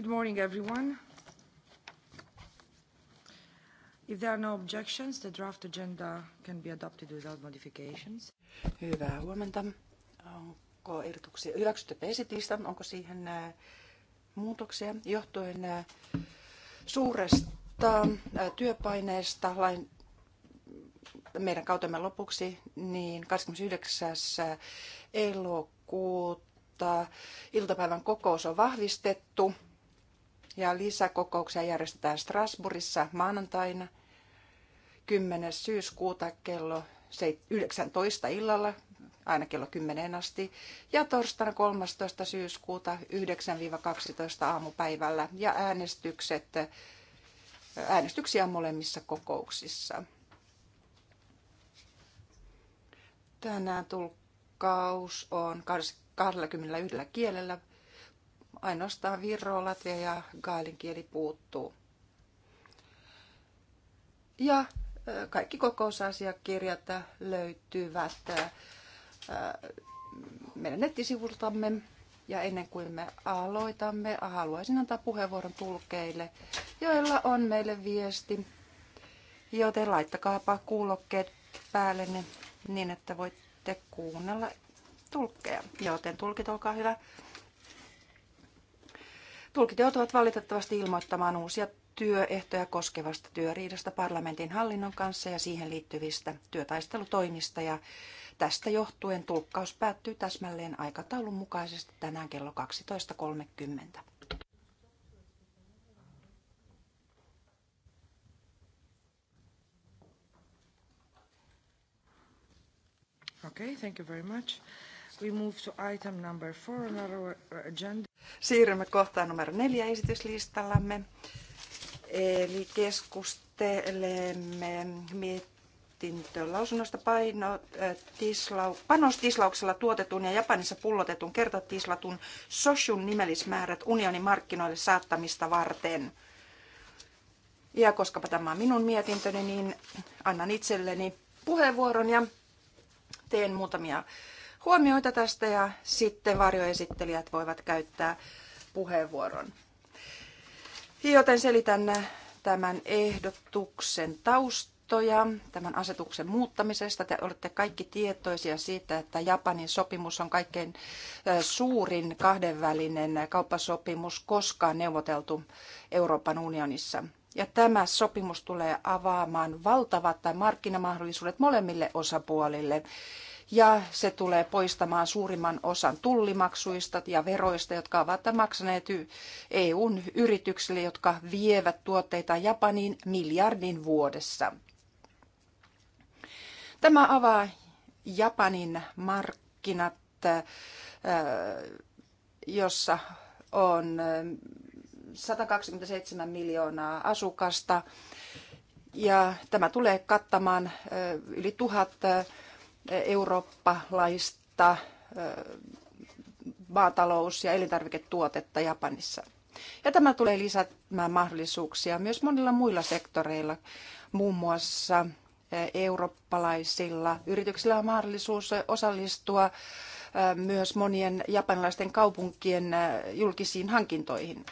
Good morning, everyone. If there are no objections, the draft agenda can be adopted without modifications. Hyvää huomenta. Onko ehdotuksia? hyväksytty Hyväksyttekö esitistä? Onko siihen äh, muutoksia johtuen äh, suuresta äh, työpaineesta meidän kautemme lopuksi, niin 29. elokuuta iltapäivän kokous on vahvistettu ja lisäkokouksia järjestetään Strasbourgissa maanantaina 10. syyskuuta kello 19 illalla aina kello 10 asti ja torstaina 13. syyskuuta 9-12 aamupäivällä ja äänestykset, äänestyksiä molemmissa kokouksissa. Tänään tulkkaus on 21 kielellä Ainoastaan Virro, Latvia ja Gaalin kieli puuttuu. Ja kaikki kokousasiakirjat löytyvät meidän nettisivultamme. Ja ennen kuin me aloitamme, haluaisin antaa puheenvuoron tulkeille, joilla on meille viesti. Joten laittakaapa kuulokkeet päälle niin, että voitte kuunnella tulkkeja. Joten tulkit, olkaa hyvä. Tulkit joutuvat valitettavasti ilmoittamaan uusia työehtoja koskevasta työriidasta parlamentin hallinnon kanssa ja siihen liittyvistä työtaistelutoimista ja tästä johtuen tulkkaus päättyy täsmälleen aikataulun mukaisesti tänään kello 12.30. Okay, thank you very much. We move to item number four on our agenda. Siirrymme kohtaan numero neljä esityslistallamme. Eli keskustelemme mietintölausunnosta paino, äh, tislau, panostislauksella tuotetun ja Japanissa pullotetun kertatislatun soshun nimellismäärät unionin markkinoille saattamista varten. Ja koska tämä on minun mietintöni, niin annan itselleni puheenvuoron ja teen muutamia huomioita tästä ja sitten varjoesittelijät voivat käyttää puheenvuoron. Joten selitän tämän ehdotuksen taustoja, tämän asetuksen muuttamisesta. Te olette kaikki tietoisia siitä, että Japanin sopimus on kaikkein suurin kahdenvälinen kauppasopimus koskaan neuvoteltu Euroopan unionissa. Ja tämä sopimus tulee avaamaan valtavat markkinamahdollisuudet molemmille osapuolille ja se tulee poistamaan suurimman osan tullimaksuista ja veroista, jotka ovat maksaneet EUn yrityksille, jotka vievät tuotteita Japaniin miljardin vuodessa. Tämä avaa Japanin markkinat, jossa on 127 miljoonaa asukasta ja tämä tulee kattamaan yli tuhat eurooppalaista maatalous- ja elintarviketuotetta Japanissa. Ja tämä tulee lisäämään mahdollisuuksia myös monilla muilla sektoreilla, muun muassa eurooppalaisilla yrityksillä on mahdollisuus osallistua myös monien japanilaisten kaupunkien julkisiin hankintoihin.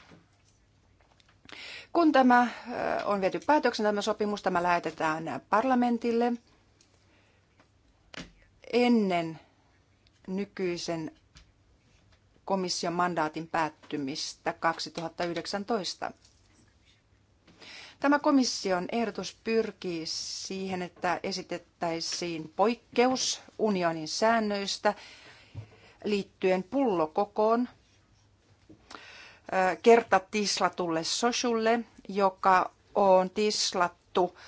Kun tämä on viety päätöksen, tämä sopimus, tämä lähetetään parlamentille – ennen nykyisen komission mandaatin päättymistä 2019. Tämä komission ehdotus pyrkii siihen, että esitettäisiin poikkeus unionin säännöistä liittyen pullokokoon kertatislatulle sosulle, joka on tislattu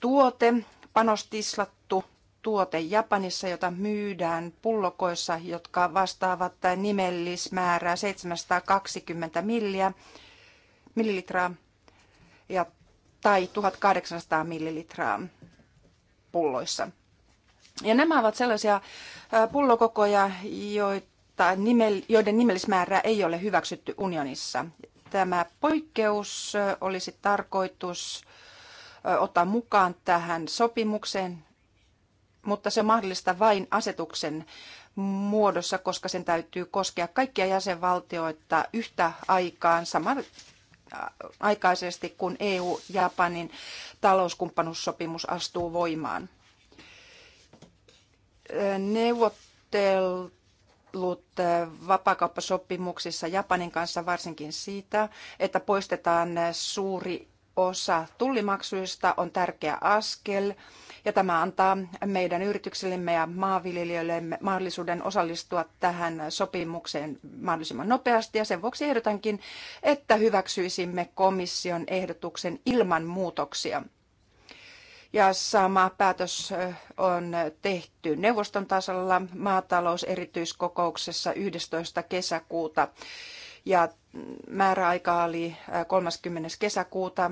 tuote, panostislattu tuote Japanissa, jota myydään pullokoissa, jotka vastaavat nimellismäärää 720 milliä, millilitraa ja, tai 1800 millilitraa pulloissa. Ja nämä ovat sellaisia pullokokoja, joita joiden nimellismäärää ei ole hyväksytty unionissa. Tämä poikkeus olisi tarkoitus ottaa mukaan tähän sopimukseen mutta se on mahdollista vain asetuksen muodossa, koska sen täytyy koskea kaikkia jäsenvaltioita yhtä aikaan saman äh, aikaisesti, kun EU-Japanin talouskumppanuussopimus astuu voimaan. Neuvottelut neuvottelut äh, vapaakauppasopimuksissa Japanin kanssa varsinkin siitä, että poistetaan suuri osa tullimaksuista on tärkeä askel ja tämä antaa meidän yrityksillemme ja maanviljelijöillemme mahdollisuuden osallistua tähän sopimukseen mahdollisimman nopeasti. Ja sen vuoksi ehdotankin, että hyväksyisimme komission ehdotuksen ilman muutoksia. Ja sama päätös on tehty neuvoston tasolla maatalouserityiskokouksessa 11. kesäkuuta. Ja määräaika oli 30. kesäkuuta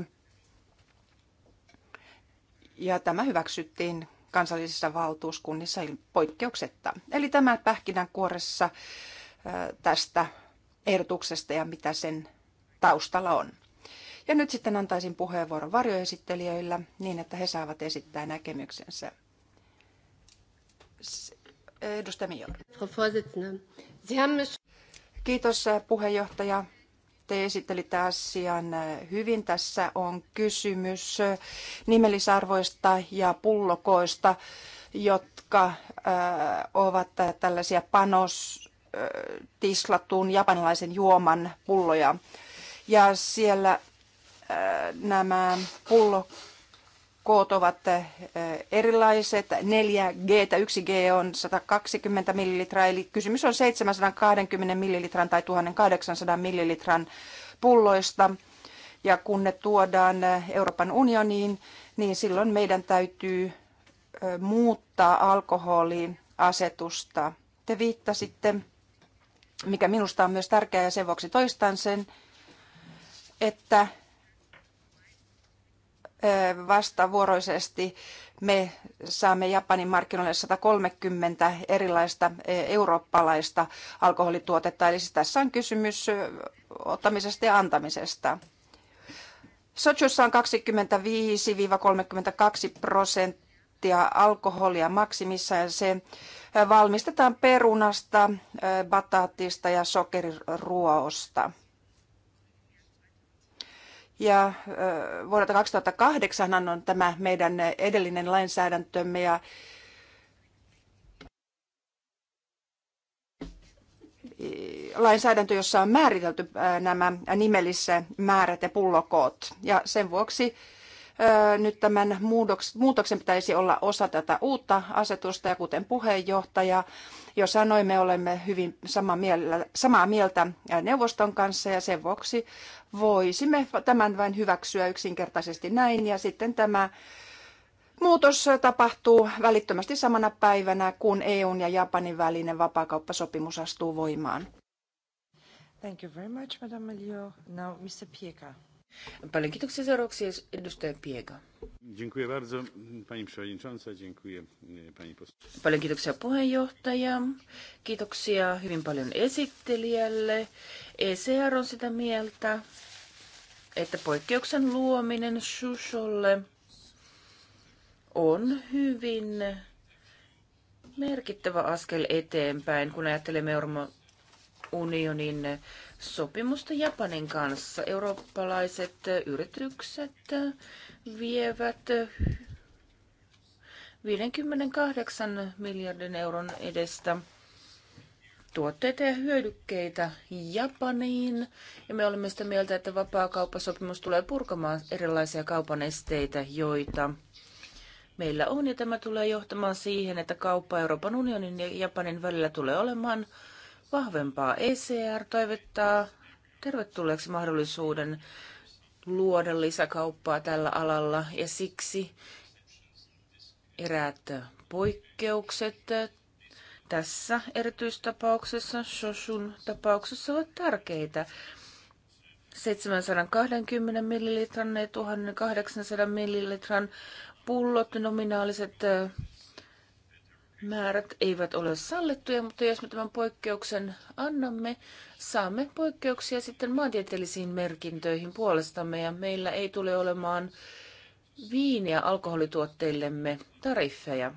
ja tämä hyväksyttiin kansallisissa valtuuskunnissa poikkeuksetta. Eli tämä pähkinänkuoressa tästä ehdotuksesta ja mitä sen taustalla on. Ja nyt sitten antaisin puheenvuoron varjoesittelijöillä niin, että he saavat esittää näkemyksensä. Edustaja Mior. Kiitos puheenjohtaja te esittelitte asian hyvin. Tässä on kysymys nimellisarvoista ja pullokoista, jotka äh, ovat tällaisia panos äh, tislatun japanilaisen juoman pulloja. Ja siellä äh, nämä pullokot koot ovat eh, erilaiset. 4G, 1G on 120 millilitraa, eli kysymys on 720 millilitran tai 1800 millilitran pulloista. Ja kun ne tuodaan eh, Euroopan unioniin, niin silloin meidän täytyy eh, muuttaa alkoholiasetusta. Te viittasitte, mikä minusta on myös tärkeää ja sen vuoksi toistan sen, että vastavuoroisesti me saamme Japanin markkinoille 130 erilaista eurooppalaista alkoholituotetta. Eli siis tässä on kysymys ottamisesta ja antamisesta. Sochussa on 25-32 prosenttia alkoholia maksimissa ja se valmistetaan perunasta, bataatista ja sokeriruoosta. Ja vuodelta 2008 on tämä meidän edellinen lainsäädäntömme ja lainsäädäntö, jossa on määritelty nämä nimellissä määrät ja pullokoot. Ja sen vuoksi nyt tämän muutoksen pitäisi olla osa tätä uutta asetusta ja kuten puheenjohtaja jo sanoi, me olemme hyvin samaa mieltä neuvoston kanssa ja sen vuoksi voisimme tämän vain hyväksyä yksinkertaisesti näin ja sitten tämä Muutos tapahtuu välittömästi samana päivänä, kun EUn ja Japanin välinen vapaakauppasopimus astuu voimaan. Thank you very much, Madame Now, Mr. Pieka. Paljon kiitoksia seuraavaksi edustaja Piega. Dziękuję bardzo, pani przewodnicząca, dziękuję e, pani Paljon kiitoksia puheenjohtaja, kiitoksia hyvin paljon esittelijälle. ECR on sitä mieltä, että poikkeuksen luominen Shusholle on hyvin merkittävä askel eteenpäin, kun ajattelemme Euroopan unionin sopimusta Japanin kanssa. Eurooppalaiset yritykset vievät 58 miljardin euron edestä tuotteita ja hyödykkeitä Japaniin. Ja me olemme sitä mieltä, että vapaakauppasopimus tulee purkamaan erilaisia kaupan esteitä, joita meillä on. Ja tämä tulee johtamaan siihen, että kauppa Euroopan unionin ja Japanin välillä tulee olemaan vahvempaa. ECR toivottaa tervetulleeksi mahdollisuuden luoda lisäkauppaa tällä alalla ja siksi eräät poikkeukset tässä erityistapauksessa, Shoshun tapauksessa, ovat tärkeitä. 720 millilitran ja 1800 millilitran pullot, nominaaliset määrät eivät ole sallittuja, mutta jos me tämän poikkeuksen annamme, saamme poikkeuksia sitten maantieteellisiin merkintöihin puolestamme ja meillä ei tule olemaan viiniä alkoholituotteillemme tariffeja.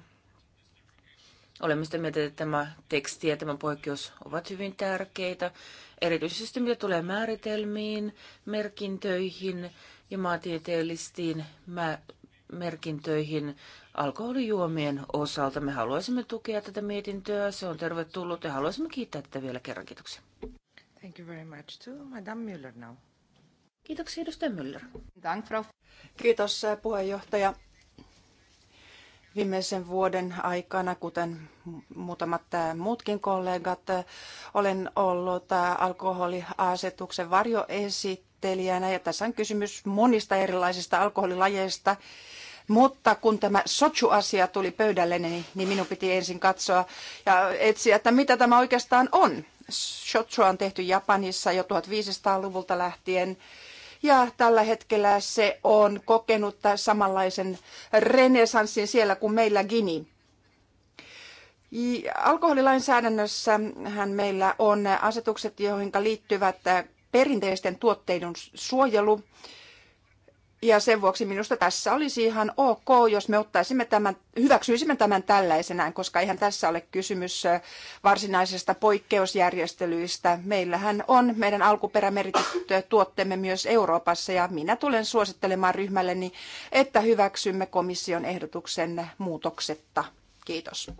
Olemme sitä mieltä, että tämä teksti ja tämä poikkeus ovat hyvin tärkeitä, erityisesti mitä tulee määritelmiin, merkintöihin ja maantieteellisiin mä- merkintöihin alkoholijuomien osalta. Me haluaisimme tukea tätä mietintöä, se on tervetullut ja haluaisimme kiittää tätä vielä kerran. Kiitoksia. Thank you very much to Madame Müller now. Kiitoksia edustaja Müller. Dank, Frau. Kiitos äh, puheenjohtaja. Viimeisen vuoden aikana, kuten muutamat äh, muutkin kollegat, äh, olen ollut alkoholiasetuksen varjoesittelijänä ja tässä on kysymys monista erilaisista alkoholilajeista mutta kun tämä Sochu-asia tuli pöydälle, niin, niin minun piti ensin katsoa ja etsiä, että mitä tämä oikeastaan on. Sochua on tehty Japanissa jo 1500-luvulta lähtien ja tällä hetkellä se on kokenut samanlaisen renesanssin siellä kuin meillä Gini. Alkoholilainsäädännössä hän meillä on asetukset, joihin liittyvät perinteisten tuotteiden suojelu ja sen vuoksi minusta tässä olisi ihan ok, jos me ottaisimme tämän, hyväksyisimme tämän tällaisenään, koska eihän tässä ole kysymys varsinaisesta poikkeusjärjestelyistä. Meillähän on meidän alkuperämerityt tuotteemme myös Euroopassa ja minä tulen suosittelemaan ryhmälleni, että hyväksymme komission ehdotuksen muutoksetta. Kiitos.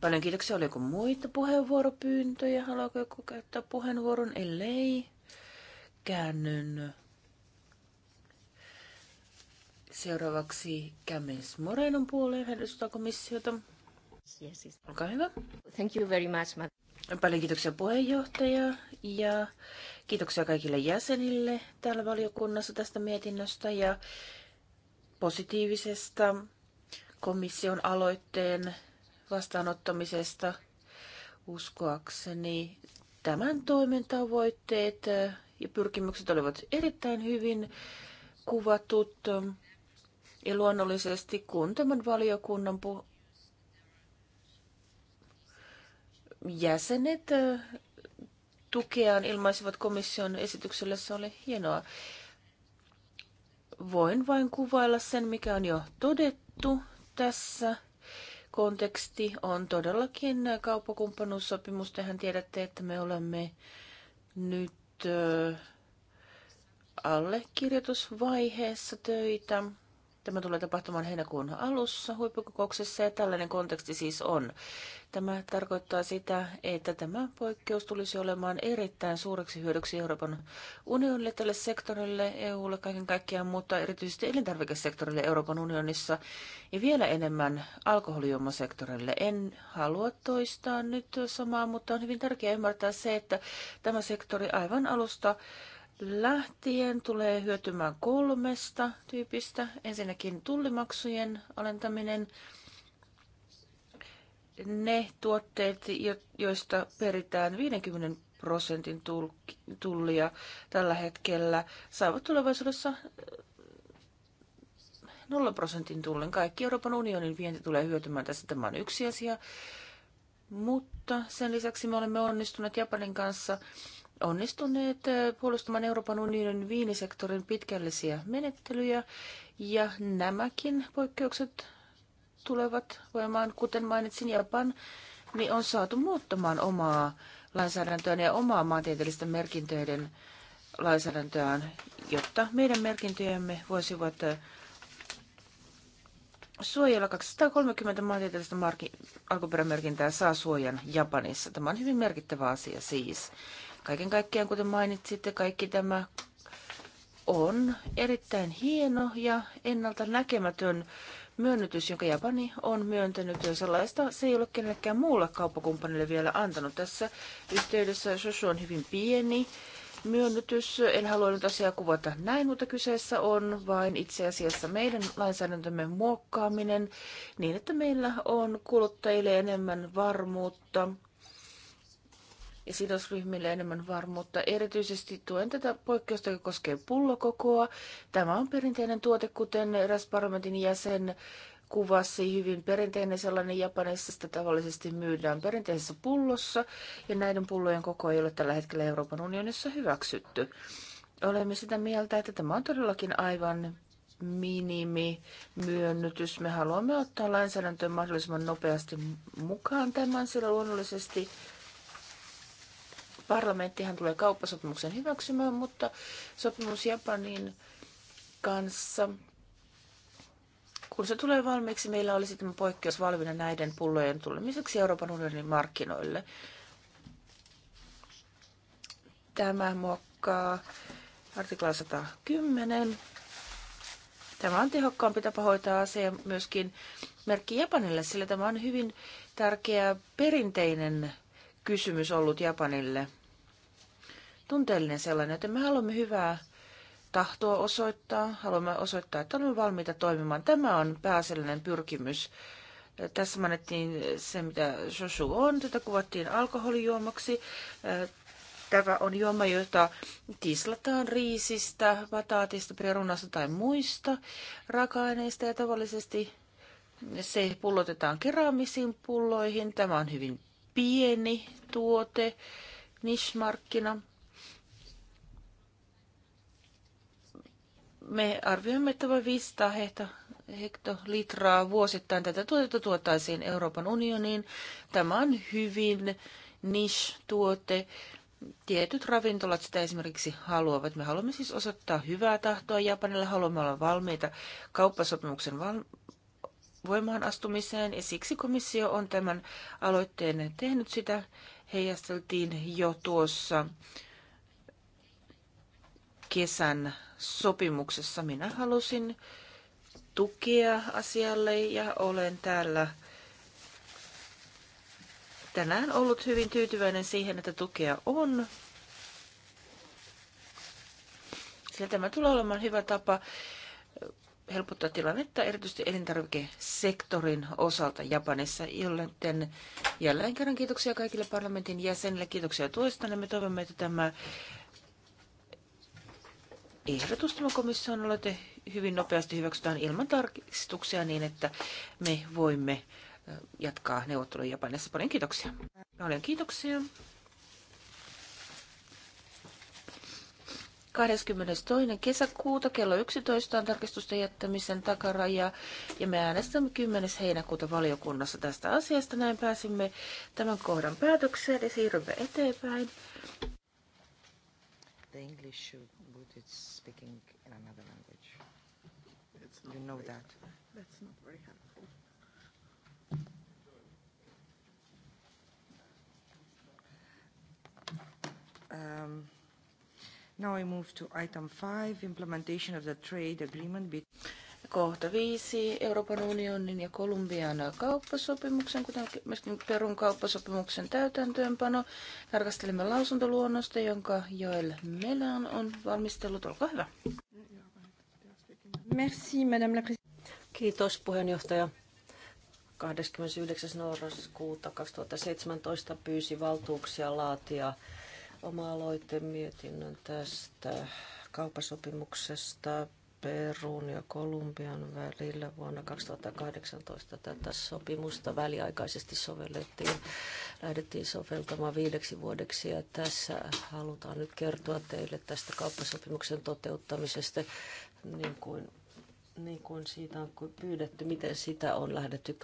Paljon kiitoksia. Oliko muita puheenvuoropyyntöjä? Haluaako joku käyttää puheenvuoron? Ellei, käännyn Seuraavaksi Kämmes Morenon puoleen. Hän edustaa komissiota. Olkaa hyvä. Thank you very much, ma- Paljon kiitoksia puheenjohtaja ja kiitoksia kaikille jäsenille täällä valiokunnassa tästä mietinnöstä ja positiivisesta komission aloitteen vastaanottamisesta. Uskoakseni tämän toimen tavoitteet ja pyrkimykset olivat erittäin hyvin kuvatut. Ja luonnollisesti, kun tämän valiokunnan pu- jäsenet tukeaan ilmaisivat komission esitykselle, se oli hienoa. Voin vain kuvailla sen, mikä on jo todettu tässä. Konteksti on todellakin kauppakumppanuussopimus. Tehän tiedätte, että me olemme nyt allekirjoitusvaiheessa töitä. Tämä tulee tapahtumaan heinäkuun alussa huippukokouksessa ja tällainen konteksti siis on. Tämä tarkoittaa sitä, että tämä poikkeus tulisi olemaan erittäin suureksi hyödyksi Euroopan unionille, tälle sektorille, EUlle kaiken kaikkiaan, mutta erityisesti elintarvikesektorille Euroopan unionissa ja vielä enemmän alkoholijuomasektorille. En halua toistaa nyt samaa, mutta on hyvin tärkeää ymmärtää se, että tämä sektori aivan alusta lähtien tulee hyötymään kolmesta tyypistä. Ensinnäkin tullimaksujen alentaminen, ne tuotteet, joista peritään 50 prosentin tullia tällä hetkellä, saavat tulevaisuudessa 0 äh, prosentin tullin. Kaikki Euroopan unionin vienti tulee hyötymään tästä. Tämä on yksi asia. Mutta sen lisäksi me olemme onnistuneet Japanin kanssa onnistuneet puolustamaan Euroopan unionin viinisektorin pitkällisiä menettelyjä, ja nämäkin poikkeukset tulevat voimaan, kuten mainitsin, Japan niin on saatu muuttamaan omaa lainsäädäntöään ja omaa maantieteellisten merkintöiden lainsäädäntöään, jotta meidän merkintöjämme voisivat suojella 230 maantieteellistä marki- alkuperämerkintää saa suojan Japanissa. Tämä on hyvin merkittävä asia siis. Kaiken kaikkiaan, kuten mainitsitte, kaikki tämä on erittäin hieno ja ennalta näkemätön myönnytys, jonka Japani on myöntänyt. Ja sellaista se ei ole kenellekään muulle kauppakumppanille vielä antanut. Tässä yhteydessä Shoshu on hyvin pieni myönnytys. En halua nyt asiaa kuvata näin, mutta kyseessä on vain itse asiassa meidän lainsäädäntömme muokkaaminen niin, että meillä on kuluttajille enemmän varmuutta ja sidosryhmille enemmän varmuutta. Erityisesti tuen tätä poikkeusta, joka koskee pullokokoa. Tämä on perinteinen tuote, kuten eräs parlamentin jäsen kuvasi hyvin perinteinen sellainen Japanissa, sitä tavallisesti myydään perinteisessä pullossa, ja näiden pullojen koko ei ole tällä hetkellä Euroopan unionissa hyväksytty. Olemme sitä mieltä, että tämä on todellakin aivan minimi myönnytys. Me haluamme ottaa lainsäädäntöön mahdollisimman nopeasti mukaan tämän, sillä luonnollisesti Parlamenttihan tulee kauppasopimuksen hyväksymään, mutta sopimus Japanin kanssa, kun se tulee valmiiksi, meillä olisi tämä poikkeus valmiina näiden pullojen tulemiseksi Euroopan unionin markkinoille. Tämä muokkaa artikla 110. Tämä on tehokkaampi tapa hoitaa asia myöskin merkki Japanille, sillä tämä on hyvin tärkeä perinteinen kysymys ollut Japanille tunteellinen sellainen, että me haluamme hyvää tahtoa osoittaa, haluamme osoittaa, että olemme valmiita toimimaan. Tämä on pääasiallinen pyrkimys. Tässä mainittiin se, mitä Joshu on. Tätä kuvattiin alkoholijuomaksi. Tämä on juoma, jota tislataan riisistä, vataatista perunasta tai muista raaka-aineista ja tavallisesti se pullotetaan keraamisiin pulloihin. Tämä on hyvin pieni tuote, nishmarkkina. markkina me arvioimme, että vain 500 hehto, hektolitraa vuosittain tätä tuotetta tuotaisiin Euroopan unioniin. Tämä on hyvin niche-tuote. Tietyt ravintolat sitä esimerkiksi haluavat. Me haluamme siis osoittaa hyvää tahtoa Japanille, haluamme olla valmiita kauppasopimuksen val- voimaan astumiseen ja siksi komissio on tämän aloitteen tehnyt sitä. Heijasteltiin jo tuossa kesän sopimuksessa. Minä halusin tukea asialle ja olen täällä tänään ollut hyvin tyytyväinen siihen, että tukea on. Sillä tämä tulee olemaan hyvä tapa helpottaa tilannetta erityisesti elintarvikesektorin osalta Japanissa, jolloin jälleen kerran kiitoksia kaikille parlamentin jäsenille, kiitoksia tuesta. Me toivomme, että tämä ehdotus, tämä komission aloite, hyvin nopeasti hyväksytään ilman tarkistuksia niin, että me voimme jatkaa neuvotteluja Japanissa. Paljon kiitoksia. Paljon kiitoksia. 22. kesäkuuta kello 11 on tarkistusten jättämisen takaraja ja me äänestämme 10. heinäkuuta valiokunnassa tästä asiasta. Näin pääsimme tämän kohdan päätökseen ja siirrymme eteenpäin the English should would it's speaking in another language. It's not you know very, that. That's not very helpful. Um, now I move to item five, implementation of the trade agreement between kohta viisi Euroopan unionin ja Kolumbian kauppasopimuksen, kuten myöskin Perun kauppasopimuksen täytäntöönpano. Tarkastelemme lausuntoluonnosta, jonka Joel Melan on valmistellut. Olkaa hyvä. Merci, Madame la Kiitos puheenjohtaja. 29. norraskuuta 2017 pyysi valtuuksia laatia oma aloitemietinnön tästä kauppasopimuksesta Perun ja Kolumbian välillä vuonna 2018 tätä sopimusta väliaikaisesti sovellettiin. Lähdettiin soveltamaan viideksi vuodeksi ja tässä halutaan nyt kertoa teille tästä kauppasopimuksen toteuttamisesta niin kuin niin kuin siitä on pyydetty, miten sitä on lähdetty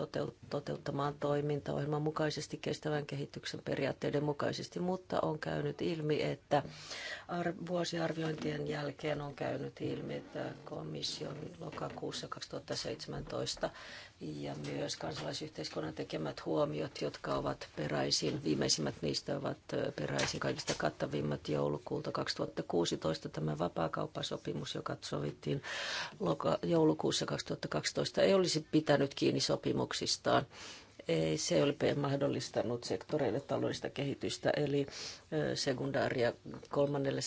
toteuttamaan toimintaohjelman mukaisesti kestävän kehityksen periaatteiden mukaisesti, mutta on käynyt ilmi, että vuosiarviointien jälkeen on käynyt ilmi, että komissio lokakuussa 2017 ja myös kansalaisyhteiskunnan tekemät huomiot, jotka ovat peräisin, viimeisimmät niistä ovat peräisin kaikista kattavimmat joulukuulta 2016, tämä vapaakauppasopimus, joka sovittiin joulukuussa 2012, ei olisi pitänyt kiinni sopimuksistaan. Ei se ole mahdollistanut sektoreille taloudellista kehitystä, eli sekundaaria kolmannelle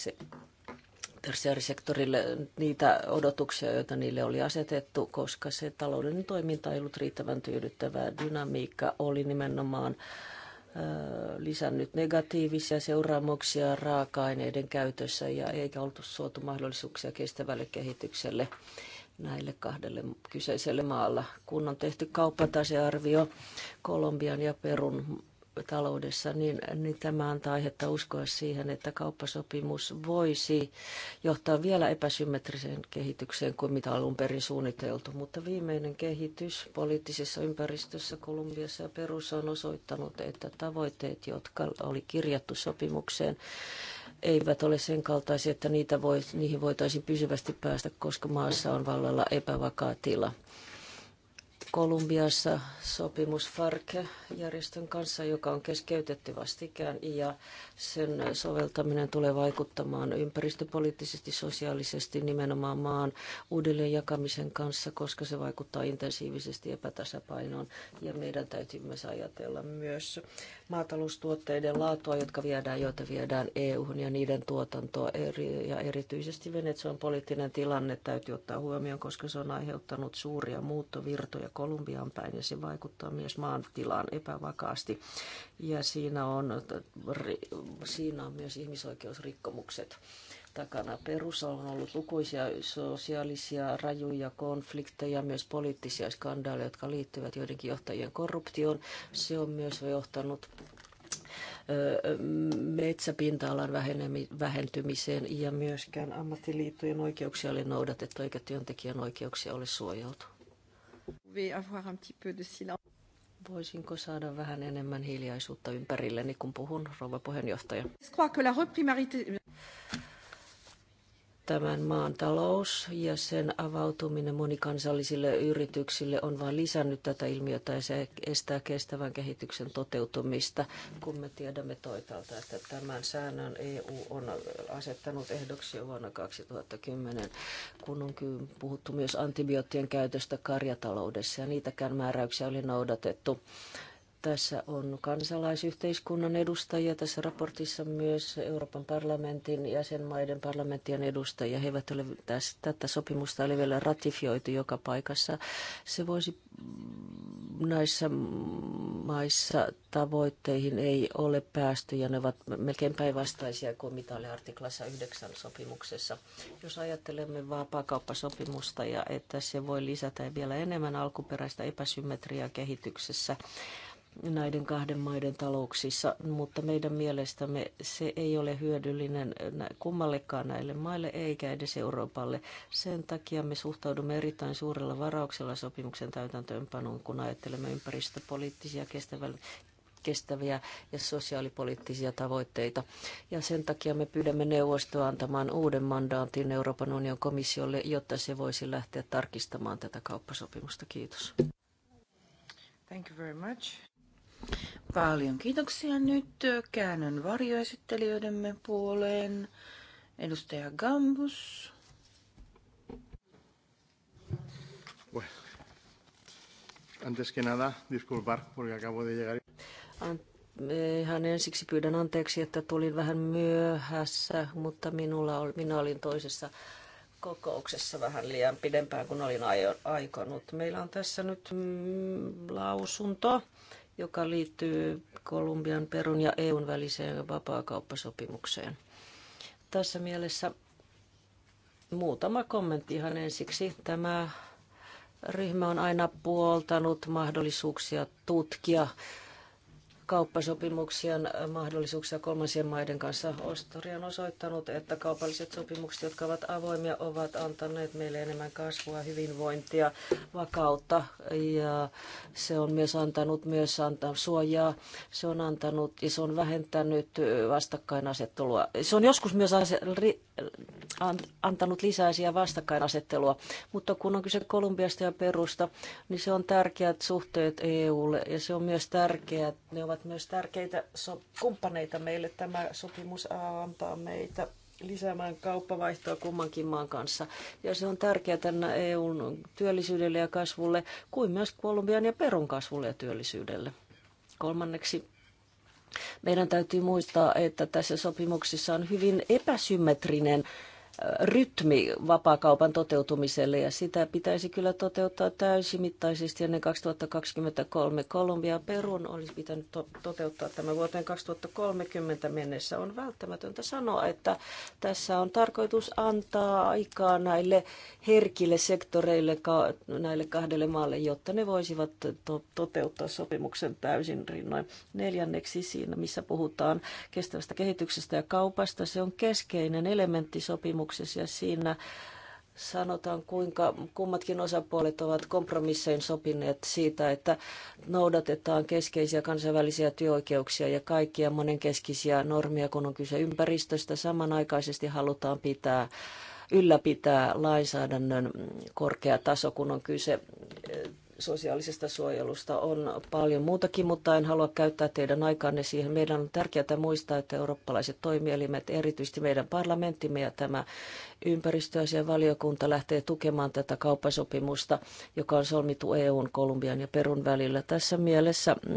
tersiaarisektorille niitä odotuksia, joita niille oli asetettu, koska se taloudellinen toiminta ei ollut riittävän tyydyttävää. Dynamiikka oli nimenomaan lisännyt negatiivisia seuraamuksia raaka-aineiden käytössä ja eikä oltu suotu mahdollisuuksia kestävälle kehitykselle näille kahdelle kyseiselle maalla. Kun on tehty kauppatasearvio Kolumbian ja Perun taloudessa, niin, niin tämä antaa aihetta uskoa siihen, että kauppasopimus voisi johtaa vielä epäsymmetriseen kehitykseen kuin mitä alun perin suunniteltu. Mutta viimeinen kehitys poliittisessa ympäristössä Kolumbiassa ja Perussa on osoittanut, että tavoitteet, jotka oli kirjattu sopimukseen, eivät ole sen kaltaisia, että niitä voi, niihin voitaisiin pysyvästi päästä, koska maassa on vallalla epävakaa tila. Kolumbiassa sopimus FARC-järjestön kanssa, joka on keskeytetty vastikään ja sen soveltaminen tulee vaikuttamaan ympäristöpoliittisesti, sosiaalisesti nimenomaan maan uudelleenjakamisen kanssa, koska se vaikuttaa intensiivisesti epätasapainoon ja meidän täytyy myös ajatella myös maataloustuotteiden laatua, jotka viedään, joita viedään EU-hun ja niiden tuotantoa. Eri, ja erityisesti Venezuelan poliittinen tilanne täytyy ottaa huomioon, koska se on aiheuttanut suuria muuttovirtoja Kolumbian päin ja se vaikuttaa myös maan tilaan epävakaasti. Ja siinä on, siinä on myös ihmisoikeusrikkomukset takana. Perussa on ollut lukuisia sosiaalisia rajuja konflikteja, myös poliittisia skandaaleja, jotka liittyvät joidenkin johtajien korruptioon. Se on myös johtanut metsäpinta-alan vähentymiseen ja myöskään ammattiliittojen oikeuksia oli noudatettu eikä työntekijän oikeuksia ole suojeltu. Voisinko saada vähän enemmän hiljaisuutta ympärilleni, kun puhun, rouva puheenjohtaja? tämän maan talous ja sen avautuminen monikansallisille yrityksille on vain lisännyt tätä ilmiötä ja se estää kestävän kehityksen toteutumista, kun me tiedämme toisaalta, että tämän säännön EU on asettanut ehdoksi vuonna 2010, kun on puhuttu myös antibioottien käytöstä karjataloudessa ja niitäkään määräyksiä oli noudatettu. Tässä on kansalaisyhteiskunnan edustajia tässä raportissa myös Euroopan parlamentin jäsenmaiden parlamenttien edustajia. He eivät ole tässä, tätä sopimusta oli vielä ratifioitu joka paikassa. Se voisi näissä maissa tavoitteihin ei ole päästy ja ne ovat melkein päinvastaisia kuin mitä oli artiklassa 9 sopimuksessa. Jos ajattelemme vapaakauppasopimusta ja että se voi lisätä vielä enemmän alkuperäistä epäsymmetriaa kehityksessä, näiden kahden maiden talouksissa, mutta meidän mielestämme se ei ole hyödyllinen kummallekaan näille maille eikä edes Euroopalle. Sen takia me suhtaudumme erittäin suurella varauksella sopimuksen täytäntöönpanoon, kun ajattelemme ympäristöpoliittisia kestävän kestäviä ja sosiaalipoliittisia tavoitteita. Ja sen takia me pyydämme neuvostoa antamaan uuden mandaatin Euroopan unionin komissiolle, jotta se voisi lähteä tarkistamaan tätä kauppasopimusta. Kiitos. Thank you very much. Paljon kiitoksia. Nyt käännön varjoesittelijöidemme puoleen. Edustaja Gambus. Antes que nada, disculpar, porque acabo de llegar. ihan ensiksi pyydän anteeksi, että tulin vähän myöhässä, mutta minulla oli, minä olin toisessa kokouksessa vähän liian pidempään kuin olin aikonut. Meillä on tässä nyt mm, lausunto joka liittyy Kolumbian, Perun ja EUn väliseen vapaakauppasopimukseen. Tässä mielessä muutama kommentti ihan ensiksi. Tämä ryhmä on aina puoltanut mahdollisuuksia tutkia kauppasopimuksien mahdollisuuksia kolmansien maiden kanssa. Historia on osoittanut, että kaupalliset sopimukset, jotka ovat avoimia, ovat antaneet meille enemmän kasvua, hyvinvointia, vakautta ja se on myös antanut myös antaa suojaa. Se on antanut ja se on vähentänyt vastakkainasettelua. Se on joskus myös antanut lisäisiä vastakkainasettelua. Mutta kun on kyse Kolumbiasta ja Perusta, niin se on tärkeät suhteet EUlle ja se on myös tärkeää, ne ovat myös tärkeitä kumppaneita meille. Tämä sopimus antaa meitä lisäämään kauppavaihtoa kummankin maan kanssa. Ja se on tärkeää tänä EUn työllisyydelle ja kasvulle, kuin myös Kolumbian ja Perun kasvulle ja työllisyydelle. Kolmanneksi meidän täytyy muistaa, että tässä sopimuksessa on hyvin epäsymmetrinen rytmi vapaakaupan toteutumiselle ja sitä pitäisi kyllä toteuttaa täysimittaisesti ennen 2023. Kolumbia Perun olisi pitänyt to- toteuttaa tämä vuoteen 2030 mennessä. On välttämätöntä sanoa, että tässä on tarkoitus antaa aikaa näille herkille sektoreille, ka- näille kahdelle maalle, jotta ne voisivat to- toteuttaa sopimuksen täysin rinnoin. Neljänneksi siinä, missä puhutaan kestävästä kehityksestä ja kaupasta, se on keskeinen elementti sopimuksessa sopimuksessa ja siinä sanotaan, kuinka kummatkin osapuolet ovat kompromissein sopineet siitä, että noudatetaan keskeisiä kansainvälisiä työoikeuksia ja kaikkia monenkeskisiä normeja, kun on kyse ympäristöstä. Samanaikaisesti halutaan pitää ylläpitää lainsäädännön korkea taso, kun on kyse sosiaalisesta suojelusta. On paljon muutakin, mutta en halua käyttää teidän aikanne siihen. Meidän on tärkeää muistaa, että eurooppalaiset toimielimet, erityisesti meidän parlamenttimme ja tämä ympäristöasian valiokunta lähtee tukemaan tätä kauppasopimusta, joka on solmittu EUn, Kolumbian ja Perun välillä. Tässä mielessä mm,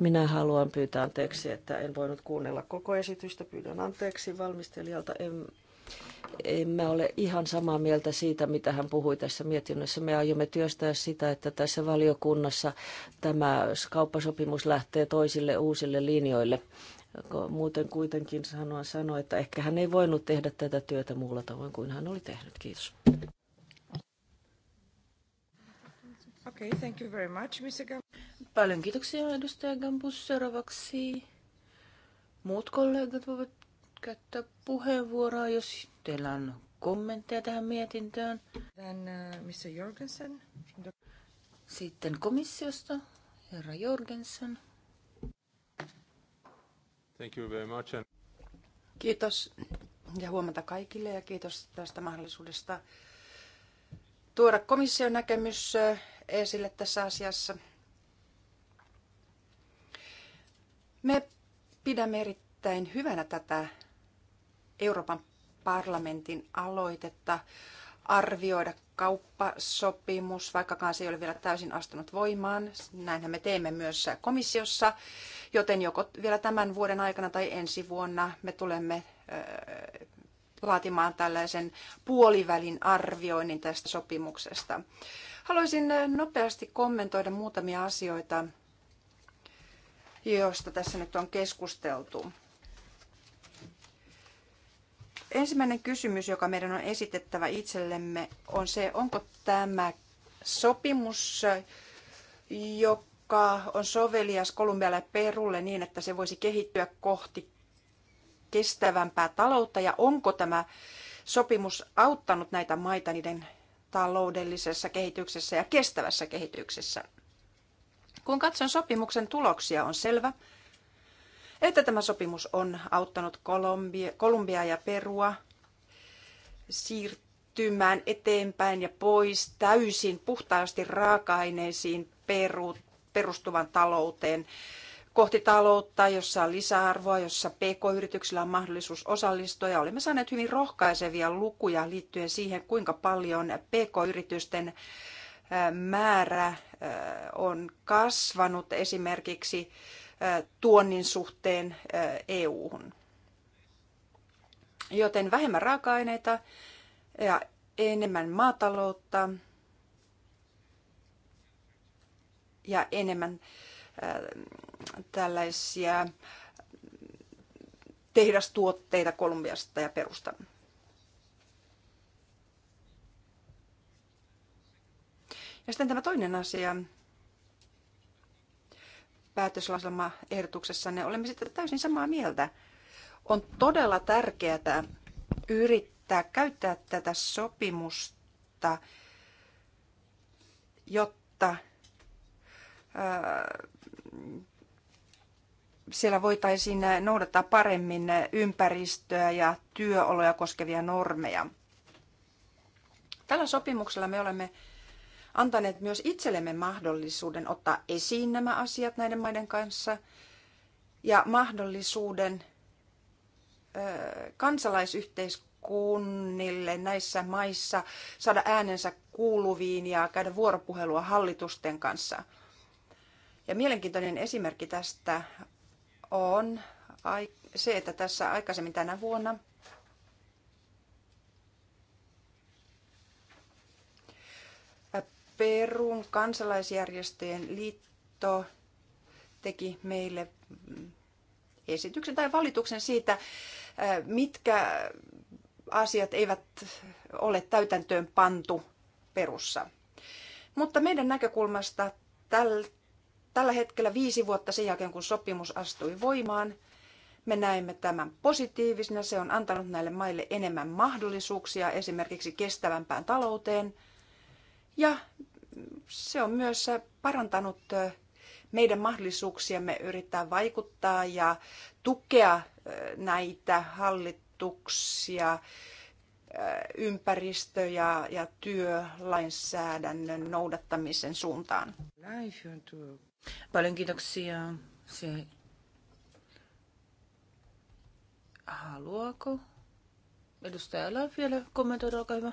minä haluan pyytää anteeksi, että en voinut kuunnella koko esitystä. Pyydän anteeksi valmistelijalta. En en mä ole ihan samaa mieltä siitä, mitä hän puhui tässä mietinnössä. Me aiomme työstää sitä, että tässä valiokunnassa tämä kauppasopimus lähtee toisille uusille linjoille. Muuten kuitenkin sanoa sanoa, että ehkä hän ei voinut tehdä tätä työtä muulla tavoin kuin hän oli tehnyt. Kiitos. Okay, thank you very much, Mr. Paljon kiitoksia edustaja Gambus. Seuraavaksi muut kollegat voivat käyttää puheenvuoroa, jos teillä on kommentteja tähän mietintöön. Then, uh, Mr. Jorgensen. Sitten komissiosta, herra Jorgensen. Thank you very much. And... Kiitos ja huomenta kaikille ja kiitos tästä mahdollisuudesta tuoda komission näkemys äh, esille tässä asiassa. Me pidämme erittäin hyvänä tätä Euroopan parlamentin aloitetta arvioida kauppasopimus, vaikkakaan se ei ole vielä täysin astunut voimaan. Näinhän me teemme myös komissiossa, joten joko vielä tämän vuoden aikana tai ensi vuonna me tulemme laatimaan tällaisen puolivälin arvioinnin tästä sopimuksesta. Haluaisin nopeasti kommentoida muutamia asioita, joista tässä nyt on keskusteltu. Ensimmäinen kysymys, joka meidän on esitettävä itsellemme, on se, onko tämä sopimus, joka on sovelias Kolumbialle ja Perulle niin, että se voisi kehittyä kohti kestävämpää taloutta, ja onko tämä sopimus auttanut näitä maita niiden taloudellisessa kehityksessä ja kestävässä kehityksessä. Kun katson sopimuksen tuloksia, on selvä, että tämä sopimus on auttanut Kolumbia, Kolumbia ja Perua siirtymään eteenpäin ja pois täysin puhtaasti raaka-aineisiin peru, perustuvan talouteen kohti taloutta, jossa on lisäarvoa, jossa PK-yrityksillä on mahdollisuus osallistua. Ja olemme saaneet hyvin rohkaisevia lukuja liittyen siihen, kuinka paljon PK-yritysten määrä on kasvanut esimerkiksi tuonnin suhteen EU-hun. Joten vähemmän raaka-aineita ja enemmän maataloutta ja enemmän tällaisia tehdastuotteita Kolumbiasta ja Perusta. Ja sitten tämä toinen asia, päätöslauselmaehdotuksessanne niin olemme sitä täysin samaa mieltä. On todella tärkeää yrittää käyttää tätä sopimusta, jotta äh, siellä voitaisiin noudattaa paremmin ympäristöä ja työoloja koskevia normeja. Tällä sopimuksella me olemme antaneet myös itsellemme mahdollisuuden ottaa esiin nämä asiat näiden maiden kanssa ja mahdollisuuden kansalaisyhteiskunnille näissä maissa saada äänensä kuuluviin ja käydä vuoropuhelua hallitusten kanssa. Ja mielenkiintoinen esimerkki tästä on se, että tässä aikaisemmin tänä vuonna – Perun kansalaisjärjestöjen liitto teki meille esityksen tai valituksen siitä, mitkä asiat eivät ole täytäntöön pantu perussa. Mutta meidän näkökulmasta tällä hetkellä viisi vuotta sen jälkeen, kun sopimus astui voimaan, me näemme tämän positiivisena. Se on antanut näille maille enemmän mahdollisuuksia esimerkiksi kestävämpään talouteen. Ja se on myös parantanut meidän mahdollisuuksiamme yrittää vaikuttaa ja tukea näitä hallituksia ympäristö- ja, ja työlainsäädännön noudattamisen suuntaan. Paljon kiitoksia. Se... Haluaako Edustaja Lain vielä kommentoida, olkaa hyvä.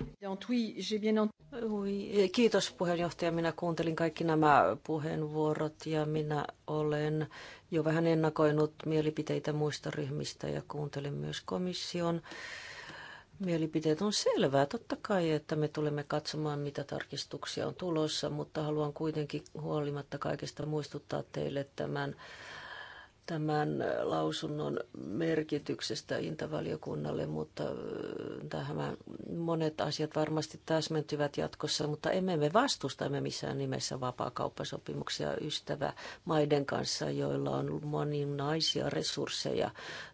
Kiitos puheenjohtaja. Minä kuuntelin kaikki nämä puheenvuorot ja minä olen jo vähän ennakoinut mielipiteitä muista ryhmistä ja kuuntelin myös komission mielipiteet on selvää. Totta kai, että me tulemme katsomaan, mitä tarkistuksia on tulossa, mutta haluan kuitenkin huolimatta kaikesta muistuttaa teille tämän tämän äh, lausunnon merkityksestä Intavaliokunnalle, mutta äh, tähän monet asiat varmasti täsmentyvät jatkossa, mutta emme me vastusta emme missään nimessä vapaakauppasopimuksia maiden kanssa, joilla on moninaisia resursseja.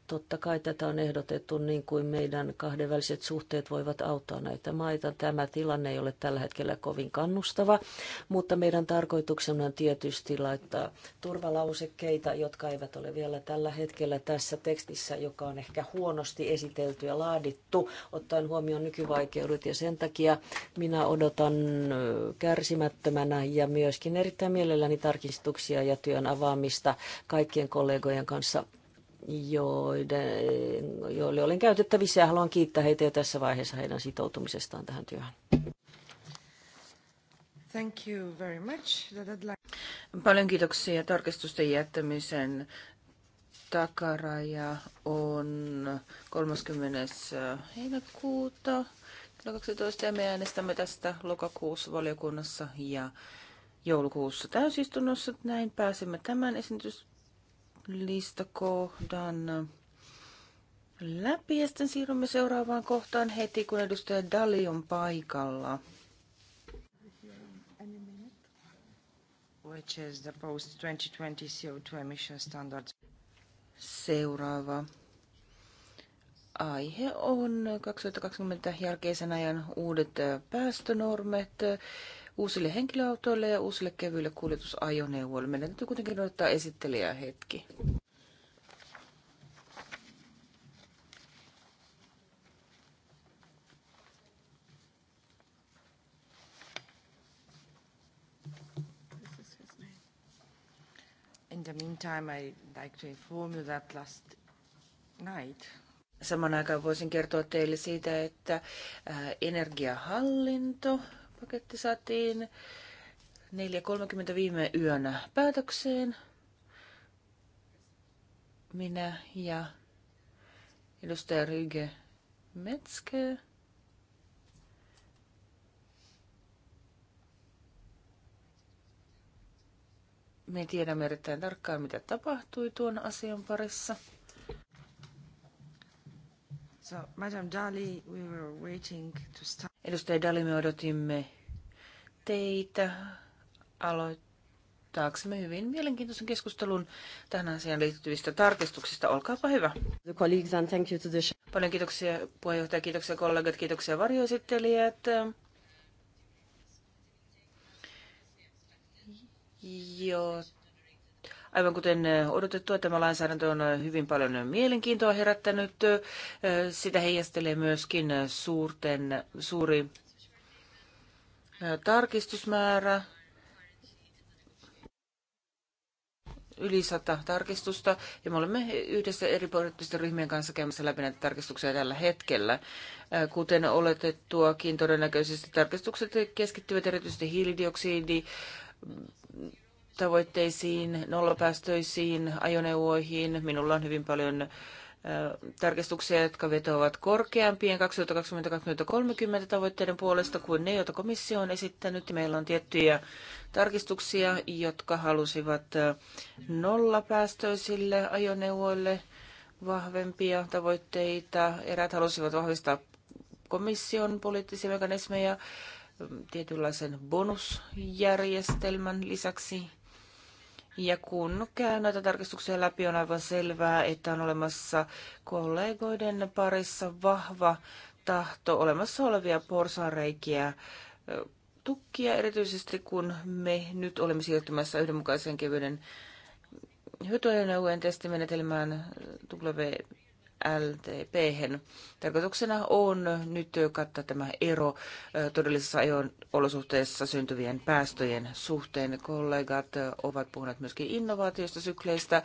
Totta kai tätä on ehdotettu niin kuin meidän kahdenväliset suhteet voivat auttaa näitä maita. Tämä tilanne ei ole tällä hetkellä kovin kannustava, mutta meidän tarkoituksena on tietysti laittaa turvalausekkeita, jotka eivät ole ole vielä tällä hetkellä tässä tekstissä, joka on ehkä huonosti esitelty ja laadittu, ottaen huomioon nykyvaikeudet. Ja sen takia minä odotan kärsimättömänä ja myöskin erittäin mielelläni tarkistuksia ja työn avaamista kaikkien kollegojen kanssa joiden, joille olen käytettävissä ja haluan kiittää heitä jo tässä vaiheessa heidän sitoutumisestaan tähän työhön. Thank you very much. Paljon kiitoksia tarkistusten jättämisen takaraja on 30. Äh, heinäkuuta 2012 ja me äänestämme tästä lokakuussa valiokunnassa ja joulukuussa täysistunnossa. Näin pääsemme tämän esityslistakohdan läpi ja sitten siirrymme seuraavaan kohtaan heti, kun edustaja Dali on paikalla. Which is the post 2020 CO2 emission standards seuraava aihe on 2020 jälkeisen ajan uudet päästönormit uusille henkilöautoille ja uusille kevyille kuljetusajoneuvoille. Meidän täytyy kuitenkin odottaa esittelijää hetki. the meantime, I'd like to inform you that last night. Saman aikaan voisin kertoa teille siitä, että äh, energiahallinto paketti saatiin 4.30 viime yönä päätökseen. Minä ja edustaja Ryge Metske me tiedämme erittäin tarkkaan, mitä tapahtui tuon asian parissa. So, Madame Dali, we were waiting to start. Edustaja Dali, me odotimme teitä aloittaaksemme hyvin mielenkiintoisen keskustelun tähän asiaan liittyvistä tarkistuksista. Olkaapa hyvä. The colleagues and thank you to the... Paljon kiitoksia puheenjohtaja, kiitoksia kollegat, kiitoksia varjoesittelijät. Joo. Aivan kuten eh, odotettua, tämä lainsäädäntö on eh, hyvin paljon eh, mielenkiintoa herättänyt. Sitä heijastelee myöskin suurten, suuri tarkistusmäärä, yli sata tarkistusta, ja me olemme yhdessä eri poliittisten ryhmien kanssa käymässä läpi näitä tarkistuksia tällä hetkellä. Kuten oletettuakin, todennäköisesti tarkistukset keskittyvät erityisesti hiilidioksidi, tavoitteisiin, nollapäästöisiin ajoneuvoihin. Minulla on hyvin paljon tarkistuksia, jotka vetoavat korkeampien 2020-2030 tavoitteiden puolesta kuin ne, joita komissio on esittänyt. Meillä on tiettyjä tarkistuksia, jotka halusivat nollapäästöisille ajoneuvoille vahvempia tavoitteita. Erät halusivat vahvistaa komission poliittisia mekanismeja tietynlaisen bonusjärjestelmän lisäksi. Ja kun käy näitä tarkistuksia läpi, on aivan selvää, että on olemassa kollegoiden parissa vahva tahto olemassa olevia porsareikiä tukkia, erityisesti kun me nyt olemme siirtymässä yhdenmukaisen kevyiden hyötyajoneuvojen testimenetelmään WP ltp -hän. Tarkoituksena on nyt kattaa tämä ero todellisessa ajon olosuhteessa syntyvien päästöjen suhteen. Kollegat ovat puhuneet myöskin innovaatioista, sykleistä,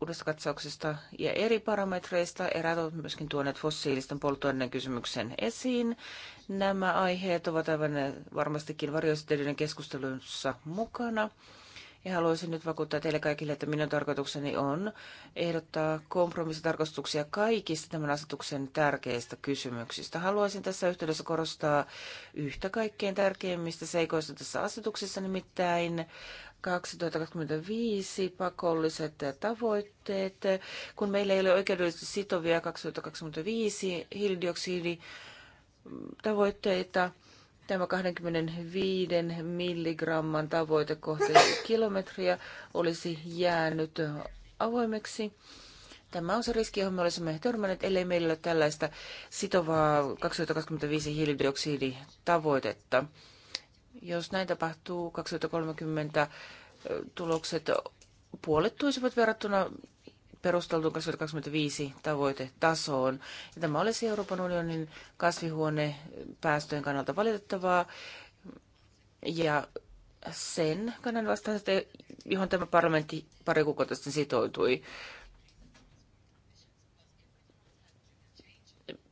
uudesta katsauksesta ja eri parametreista. Eräät ovat myöskin tuoneet fossiilisten polttoaineen kysymyksen esiin. Nämä aiheet ovat aivan varmastikin varjoisteiden keskustelussa mukana. Ja haluaisin nyt vakuuttaa teille kaikille, että minun tarkoitukseni on ehdottaa kompromissitarkastuksia kaikista tämän asetuksen tärkeistä kysymyksistä. Haluaisin tässä yhteydessä korostaa yhtä kaikkein tärkeimmistä seikoista tässä asetuksessa, nimittäin 2025 pakolliset tavoitteet. Kun meillä ei ole oikeudellisesti sitovia 2025 hiilidioksiditavoitteita, Tämä 25 milligramman tavoite kohti kilometriä olisi jäänyt avoimeksi. Tämä on se riski, johon me olisimme törmänneet, ellei meillä ole tällaista sitovaa 2025 hiilidioksiditavoitetta. Jos näin tapahtuu, 2030 tulokset puolittuisivat verrattuna perusteltuun 2025 tavoitetasoon. Ja tämä olisi Euroopan unionin kasvihuonepäästöjen kannalta valitettavaa ja sen kannan vastaan, johon tämä parlamentti pari kuukautta sitten sitoutui.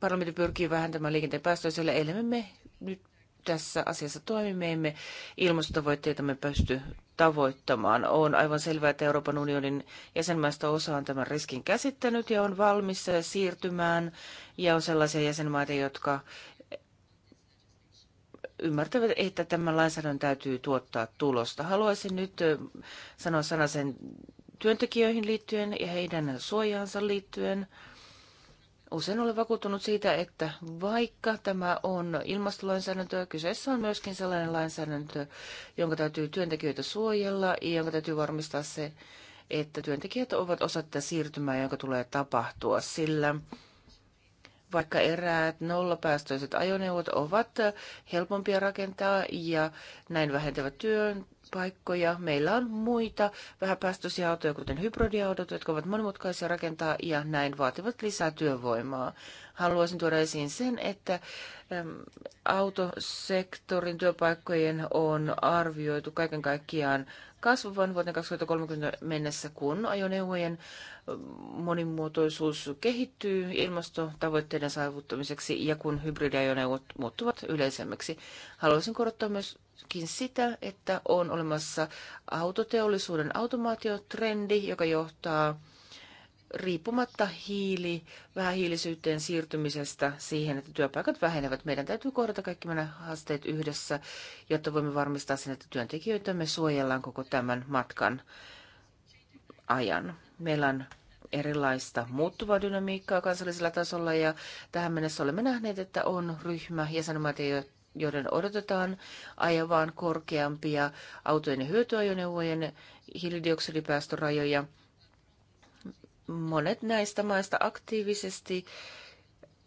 Parlamentti pyrkii vähentämään liikenteen päästöjä, sillä elämme nyt tässä asiassa toimimme, emme ilmastotavoitteitamme pysty tavoittamaan. On aivan selvää, että Euroopan unionin jäsenmaista osa on tämän riskin käsittänyt ja on valmis äh, siirtymään. Ja on sellaisia jäsenmaita, jotka ymmärtävät, että tämän lainsäädännön täytyy tuottaa tulosta. Haluaisin nyt äh, sanoa sana sen työntekijöihin liittyen ja heidän suojaansa liittyen. Usein olen vakuuttunut siitä, että vaikka tämä on ilmastolainsäädäntöä, kyseessä on myöskin sellainen lainsäädäntö, jonka täytyy työntekijöitä suojella ja jonka täytyy varmistaa se, että työntekijät ovat osa tätä siirtymää, jonka tulee tapahtua, sillä vaikka eräät nollapäästöiset ajoneuvot ovat helpompia rakentaa ja näin vähentävät työn paikkoja. Meillä on muita vähäpäästöisiä autoja, kuten hybridiautot, jotka ovat monimutkaisia rakentaa ja näin vaativat lisää työvoimaa. Haluaisin tuoda esiin sen, että autosektorin työpaikkojen on arvioitu kaiken kaikkiaan kasvavan vuoteen 2030 mennessä, kun ajoneuvojen monimuotoisuus kehittyy ilmastotavoitteiden saavuttamiseksi ja kun hybridiajoneuvot muuttuvat yleisemmäksi. Haluaisin korottaa myös sitä, että on olemassa autoteollisuuden automaatiotrendi, joka johtaa riippumatta hiili, vähähiilisyyteen siirtymisestä siihen, että työpaikat vähenevät. Meidän täytyy kohdata kaikki nämä haasteet yhdessä, jotta voimme varmistaa sen, että työntekijöitä me suojellaan koko tämän matkan ajan. Meillä on erilaista muuttuvaa dynamiikkaa kansallisella tasolla ja tähän mennessä olemme nähneet, että on ryhmä jäsenmaat, joiden odotetaan ajavaan korkeampia autojen ja hyötyajoneuvojen hiilidioksidipäästörajoja. Monet näistä maista aktiivisesti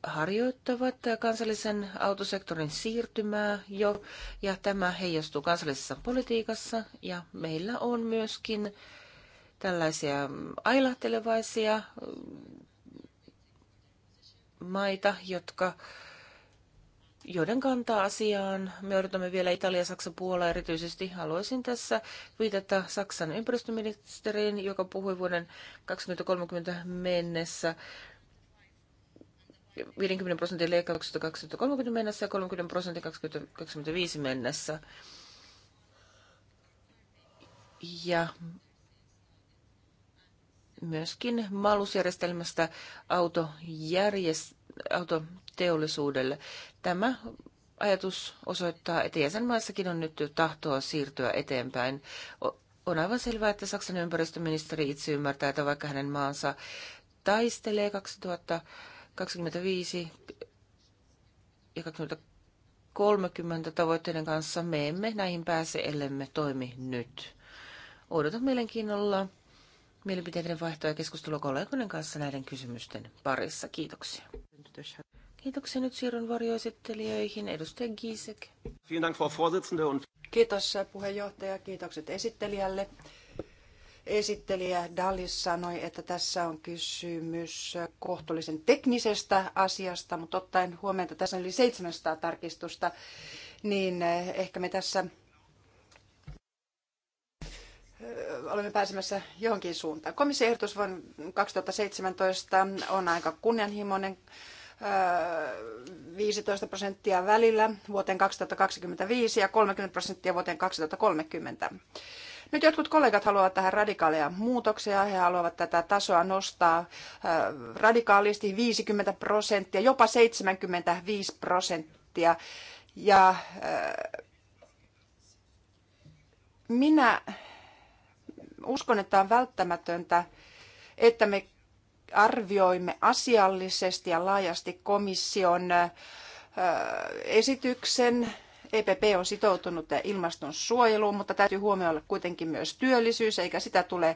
harjoittavat kansallisen autosektorin siirtymää jo, ja tämä heijastuu kansallisessa politiikassa, ja meillä on myöskin tällaisia ailahtelevaisia maita, jotka joiden kantaa asiaan. Me odotamme vielä Italia, Saksa, Puola erityisesti. Haluaisin tässä viitata Saksan ympäristöministeriin, joka puhui vuoden 2030 mennessä 50 prosentin leikkauksesta 2030 mennessä ja 30 prosentin 2025 mennessä. Ja myöskin malusjärjestelmästä autojärjest- auto teollisuudelle. Tämä ajatus osoittaa, että jäsenmaissakin on nyt tahtoa siirtyä eteenpäin. On aivan selvää, että Saksan ympäristöministeri itse ymmärtää, että vaikka hänen maansa taistelee 2025 ja 2030 tavoitteiden kanssa, me emme näihin pääse, ellemme toimi nyt. Odotan mielenkiinnolla mielipiteiden vaihtoa ja keskustelua kollegoiden kanssa näiden kysymysten parissa. Kiitoksia. Kiitoksia. Nyt siirryn varjoesittelijöihin. Edustaja Giesek. Kiitos äh, puheenjohtaja. Kiitokset esittelijälle. Esittelijä Dallis sanoi, että tässä on kysymys äh, kohtuullisen teknisestä asiasta, mutta ottaen huomioon, että tässä on yli 700 tarkistusta, niin äh, ehkä me tässä olemme pääsemässä johonkin suuntaan. Komission ehdotus vuonna 2017 on aika kunnianhimoinen 15 prosenttia välillä vuoteen 2025 ja 30 prosenttia vuoteen 2030. Nyt jotkut kollegat haluavat tähän radikaaleja muutoksia. He haluavat tätä tasoa nostaa radikaalisti 50 prosenttia, jopa 75 prosenttia. Ja minä uskon, että on välttämätöntä, että me arvioimme asiallisesti ja laajasti komission esityksen. EPP on sitoutunut ilmaston suojeluun, mutta täytyy huomioida kuitenkin myös työllisyys, eikä sitä tule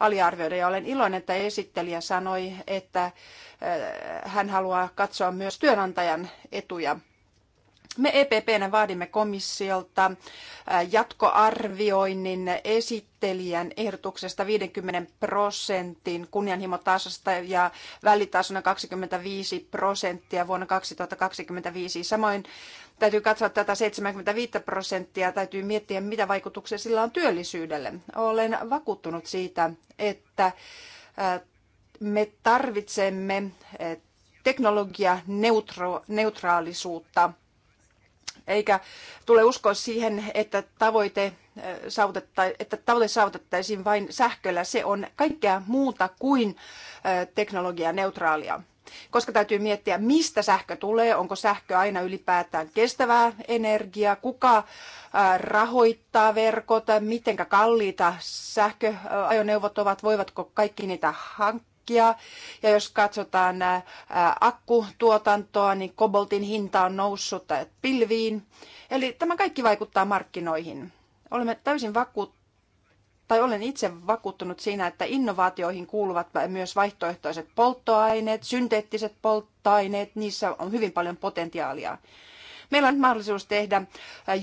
aliarvioida. Ja olen iloinen, että esittelijä sanoi, että hän haluaa katsoa myös työnantajan etuja me EPPnä vaadimme komissiolta jatkoarvioinnin esittelijän ehdotuksesta 50 prosentin kunnianhimotasosta ja välitasona 25 prosenttia vuonna 2025. Samoin täytyy katsoa tätä 75 prosenttia, täytyy miettiä mitä vaikutuksia sillä on työllisyydelle. Olen vakuuttunut siitä, että me tarvitsemme teknologianeutraalisuutta neutraalisuutta eikä tule uskoa siihen, että tavoite, äh, että tavoite saavutettaisiin vain sähköllä. Se on kaikkea muuta kuin äh, teknologianeutraalia. Koska täytyy miettiä, mistä sähkö tulee, onko sähkö aina ylipäätään kestävää energiaa, kuka äh, rahoittaa verkot, miten kalliita sähköajoneuvot ovat, voivatko kaikki niitä hankkia energiaa. Ja jos katsotaan äh, äh, akkutuotantoa, niin koboltin hinta on noussut äh, pilviin. Eli tämä kaikki vaikuttaa markkinoihin. Olemme täysin vakuuttuneita tai olen itse vakuuttunut siinä, että innovaatioihin kuuluvat myös vaihtoehtoiset polttoaineet, synteettiset polttoaineet, niissä on hyvin paljon potentiaalia. Meillä on mahdollisuus tehdä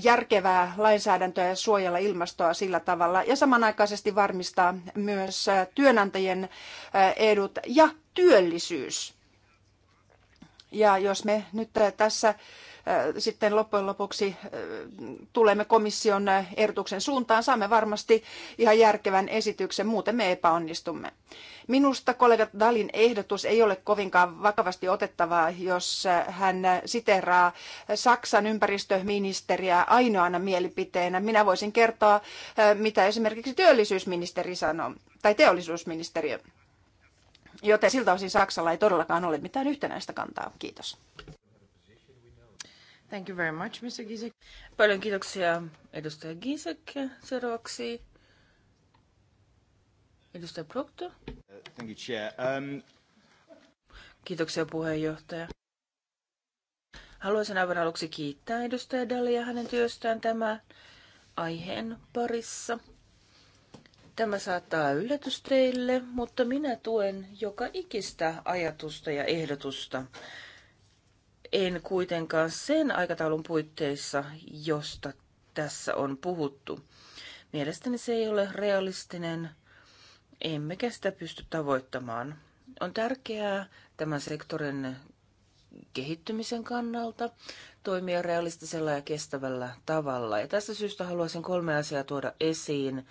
järkevää lainsäädäntöä ja suojella ilmastoa sillä tavalla ja samanaikaisesti varmistaa myös työnantajien edut ja työllisyys. Ja jos me nyt tässä sitten loppujen lopuksi tulemme komission ehdotuksen suuntaan, saamme varmasti ihan järkevän esityksen, muuten me epäonnistumme. Minusta kollega Dalin ehdotus ei ole kovinkaan vakavasti otettavaa, jos hän siteraa Saksan ympäristöministeriä ainoana mielipiteenä. Minä voisin kertoa, mitä esimerkiksi työllisyysministeri sanoo, tai teollisuusministeriö. Joten siltä osin Saksalla ei todellakaan ole mitään yhtenäistä kantaa. Kiitos. Thank you very much, Mr. Gisek. Paljon kiitoksia edustaja Gisek. Seuraavaksi edustaja Proctor. thank you, Chair. Um... Kiitoksia puheenjohtaja. Haluaisin aivan aluksi kiittää edustaja Dalia hänen työstään tämän aiheen parissa. Tämä saattaa yllätys teille, mutta minä tuen joka ikistä ajatusta ja ehdotusta, en kuitenkaan sen aikataulun puitteissa, josta tässä on puhuttu. Mielestäni se ei ole realistinen, emmekä sitä pysty tavoittamaan. On tärkeää tämän sektorin kehittymisen kannalta toimia realistisella ja kestävällä tavalla. Ja tästä syystä haluaisin kolme asiaa tuoda esiin,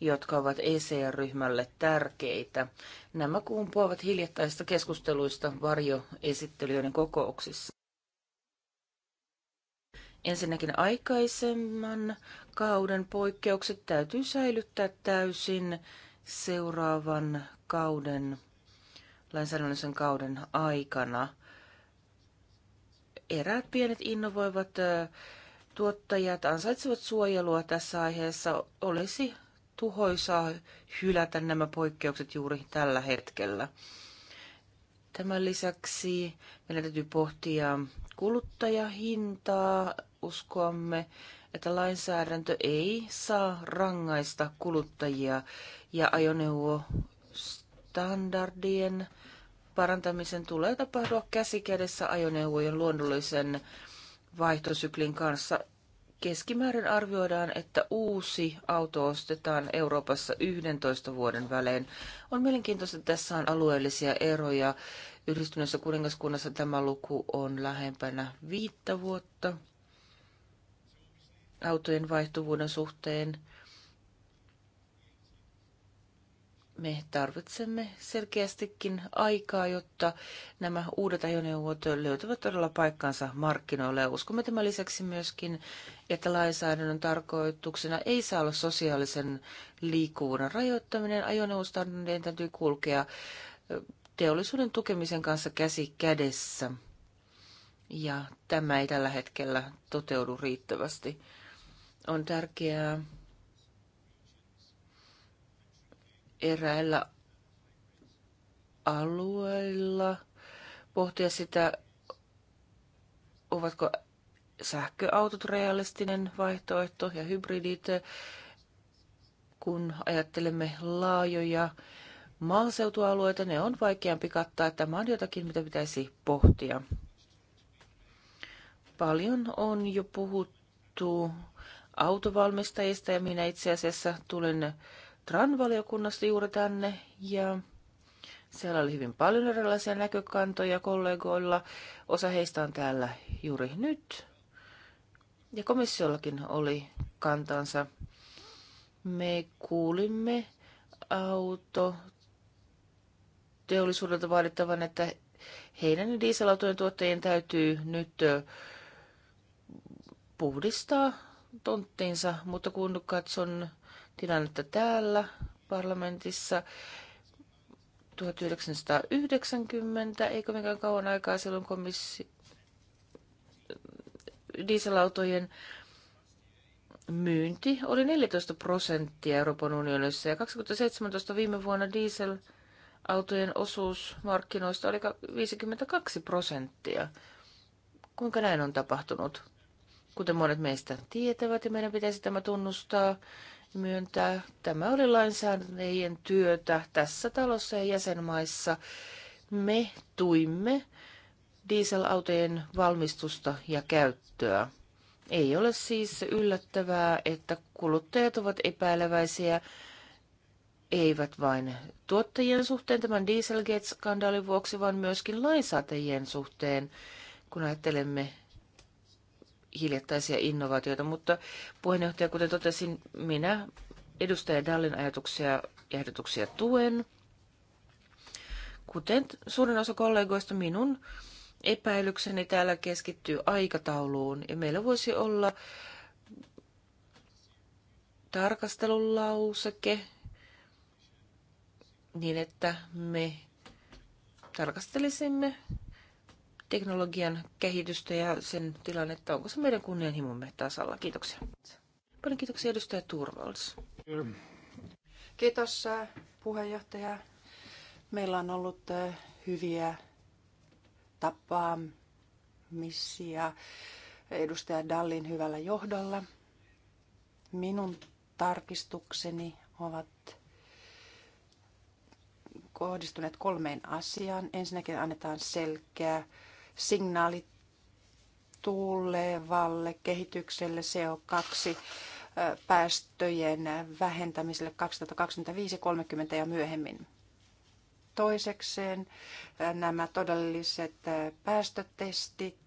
jotka ovat ECR-ryhmälle tärkeitä. Nämä kumpuavat hiljattaista keskusteluista varjoesittelijöiden kokouksissa. Ensinnäkin aikaisemman kauden poikkeukset täytyy säilyttää täysin seuraavan kauden, lainsäädännöllisen kauden aikana. Eräät pienet innovoivat tuottajat ansaitsevat suojelua tässä aiheessa. Olisi tuhoisaa hylätä nämä poikkeukset juuri tällä hetkellä. Tämän lisäksi meidän täytyy pohtia kuluttajahintaa uskoamme, että lainsäädäntö ei saa rangaista kuluttajia ja ajoneuvostandardien parantamisen tulee tapahtua käsikädessä ajoneuvojen luonnollisen vaihtosyklin kanssa. Keskimäärin arvioidaan, että uusi auto ostetaan Euroopassa 11 vuoden välein. On mielenkiintoista, että tässä on alueellisia eroja. Yhdistyneessä kuningaskunnassa tämä luku on lähempänä viittä vuotta autojen vaihtuvuuden suhteen. Me tarvitsemme selkeästikin aikaa, jotta nämä uudet ajoneuvot löytävät todella paikkansa markkinoille. Ja uskomme tämän lisäksi myöskin, että lainsäädännön tarkoituksena ei saa olla sosiaalisen liikkuvuuden rajoittaminen. Ajoneuvostandardien täytyy kulkea teollisuuden tukemisen kanssa käsi kädessä. Ja tämä ei tällä hetkellä toteudu riittävästi on tärkeää eräillä alueilla pohtia sitä, ovatko sähköautot realistinen vaihtoehto ja hybridit, kun ajattelemme laajoja maaseutualueita, ne on vaikeampi kattaa. Tämä on jotakin, mitä pitäisi pohtia. Paljon on jo puhuttu autovalmistajista ja minä itse asiassa tulin TRAN-valiokunnasta juuri tänne ja siellä oli hyvin paljon erilaisia näkökantoja kollegoilla. Osa heistä on täällä juuri nyt. Ja komissiollakin oli kantansa. Me kuulimme auto teollisuudelta vaadittavan, että heidän dieselautojen tuottajien täytyy nyt puhdistaa tonttiinsa, mutta kun katson tilannetta täällä parlamentissa 1990, ei kovinkaan kauan aikaa silloin komissi dieselautojen myynti oli 14 prosenttia Euroopan unionissa ja 2017 viime vuonna dieselautojen osuus markkinoista oli 52 prosenttia. Kuinka näin on tapahtunut? Kuten monet meistä tietävät, ja meidän pitäisi tämä tunnustaa ja myöntää, tämä oli lainsäädäntöjen työtä tässä talossa ja jäsenmaissa. Me tuimme dieselautojen valmistusta ja käyttöä. Ei ole siis yllättävää, että kuluttajat ovat epäileväisiä, eivät vain tuottajien suhteen tämän Dieselgate-skandaalin vuoksi, vaan myöskin lainsäätäjien suhteen, kun ajattelemme hiljattaisia innovaatioita, mutta puheenjohtaja, kuten totesin, minä edustaja Dallin ajatuksia ja ehdotuksia tuen. Kuten suurin osa kollegoista, minun epäilykseni täällä keskittyy aikatauluun ja meillä voisi olla tarkastelulauseke niin, että me tarkastelisimme teknologian kehitystä ja sen tilannetta. Onko se meidän kunnianhimomme tasalla? Kiitoksia. Paljon kiitoksia edustaja Turvals. Kiitos äh, puheenjohtaja. Meillä on ollut äh, hyviä tapaamisia edustaja Dallin hyvällä johdolla. Minun tarkistukseni ovat kohdistuneet kolmeen asiaan. Ensinnäkin annetaan selkeä signaali tulevalle kehitykselle CO2 päästöjen vähentämiselle 2025, 30 ja myöhemmin. Toisekseen nämä todelliset päästötestit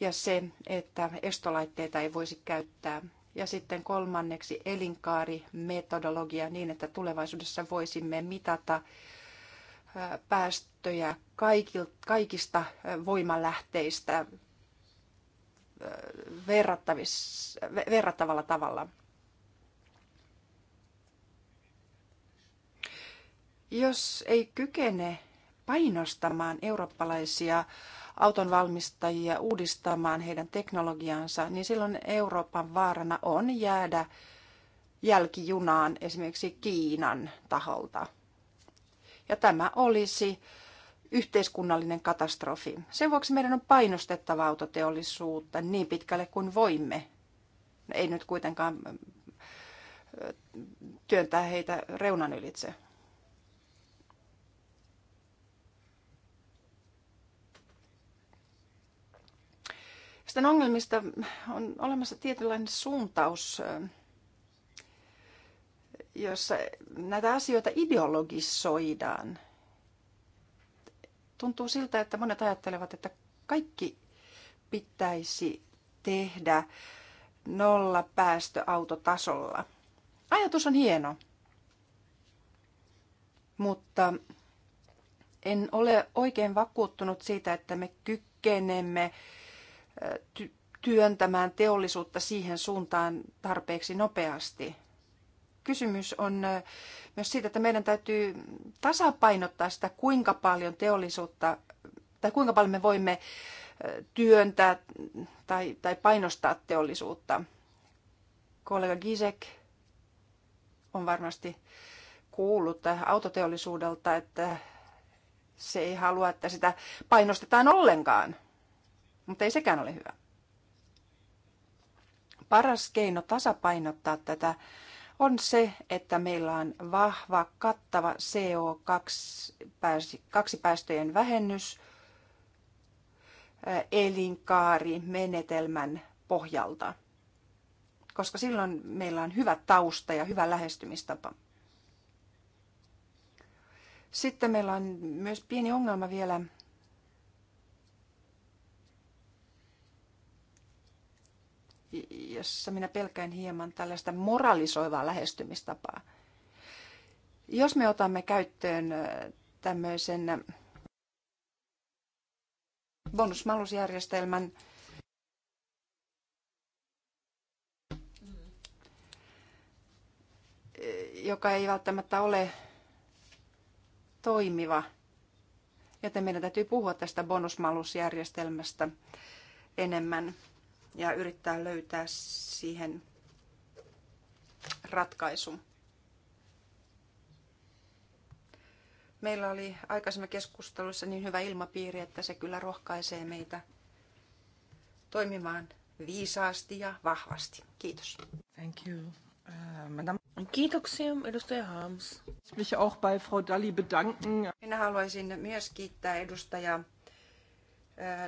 ja se, että estolaitteita ei voisi käyttää. Ja sitten kolmanneksi elinkaarimetodologia niin, että tulevaisuudessa voisimme mitata päästöjä kaikista voimalähteistä verrattavalla tavalla. Jos ei kykene painostamaan eurooppalaisia autonvalmistajia uudistamaan heidän teknologiansa, niin silloin Euroopan vaarana on jäädä jälkijunaan esimerkiksi Kiinan taholta – ja tämä olisi yhteiskunnallinen katastrofi. Sen vuoksi meidän on painostettava autoteollisuutta niin pitkälle kuin voimme. Ei nyt kuitenkaan työntää heitä reunan ylitse. Sitten ongelmista on olemassa tietynlainen suuntaus jossa näitä asioita ideologisoidaan. Tuntuu siltä, että monet ajattelevat, että kaikki pitäisi tehdä nolla päästöautotasolla. Ajatus on hieno, mutta en ole oikein vakuuttunut siitä, että me kykenemme työntämään teollisuutta siihen suuntaan tarpeeksi nopeasti – kysymys on myös siitä, että meidän täytyy tasapainottaa sitä, kuinka paljon teollisuutta tai kuinka paljon me voimme työntää tai, tai painostaa teollisuutta. Kollega Gisek on varmasti kuullut autoteollisuudelta, että se ei halua, että sitä painostetaan ollenkaan, mutta ei sekään ole hyvä. Paras keino tasapainottaa tätä on se, että meillä on vahva, kattava CO2-päästöjen vähennys elinkaarimenetelmän pohjalta, koska silloin meillä on hyvä tausta ja hyvä lähestymistapa. Sitten meillä on myös pieni ongelma vielä jossa minä pelkään hieman tällaista moralisoivaa lähestymistapaa. Jos me otamme käyttöön tämmöisen bonusmalusjärjestelmän, joka ei välttämättä ole toimiva, joten meidän täytyy puhua tästä bonusmalusjärjestelmästä enemmän ja yrittää löytää siihen ratkaisun. Meillä oli aikaisemmin keskustelussa niin hyvä ilmapiiri, että se kyllä rohkaisee meitä toimimaan viisaasti ja vahvasti. Kiitos. Thank you. Äh, Kiitoksia, edustaja Harms. Mich auch bei Frau Dalli bedanken. Minä haluaisin myös kiittää edustaja äh,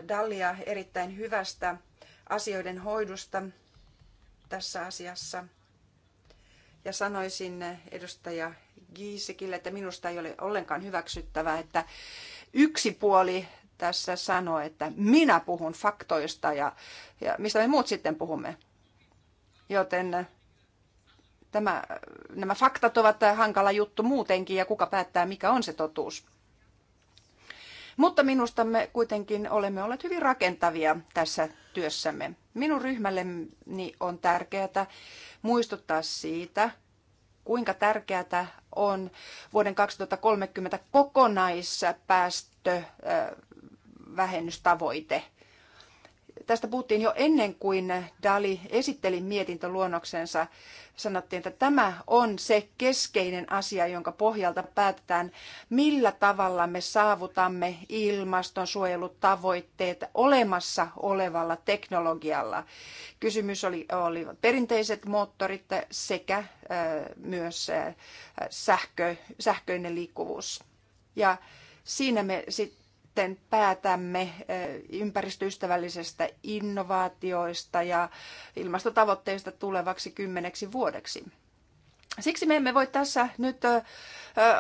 Dallia erittäin hyvästä asioiden hoidosta tässä asiassa. Ja sanoisin edustaja Giisikille, että minusta ei ole ollenkaan hyväksyttävää, että yksi puoli tässä sanoo, että minä puhun faktoista ja, ja mistä me muut sitten puhumme. Joten tämä, nämä faktat ovat hankala juttu muutenkin ja kuka päättää, mikä on se totuus. Mutta minusta me kuitenkin olemme olleet hyvin rakentavia tässä työssämme. Minun ryhmälleni on tärkeää muistuttaa siitä, kuinka tärkeää on vuoden 2030 kokonaispäästövähennystavoite tästä puhuttiin jo ennen kuin Dali esitteli mietintöluonnoksensa. Sanottiin, että tämä on se keskeinen asia, jonka pohjalta päätetään, millä tavalla me saavutamme ilmastonsuojelutavoitteet olemassa olevalla teknologialla. Kysymys oli, oli perinteiset moottorit sekä myös sähkö, sähköinen liikkuvuus. Ja siinä me sitten sitten päätämme eh, ympäristöystävällisestä innovaatioista ja ilmastotavoitteista tulevaksi kymmeneksi vuodeksi. Siksi me emme voi tässä nyt eh, eh,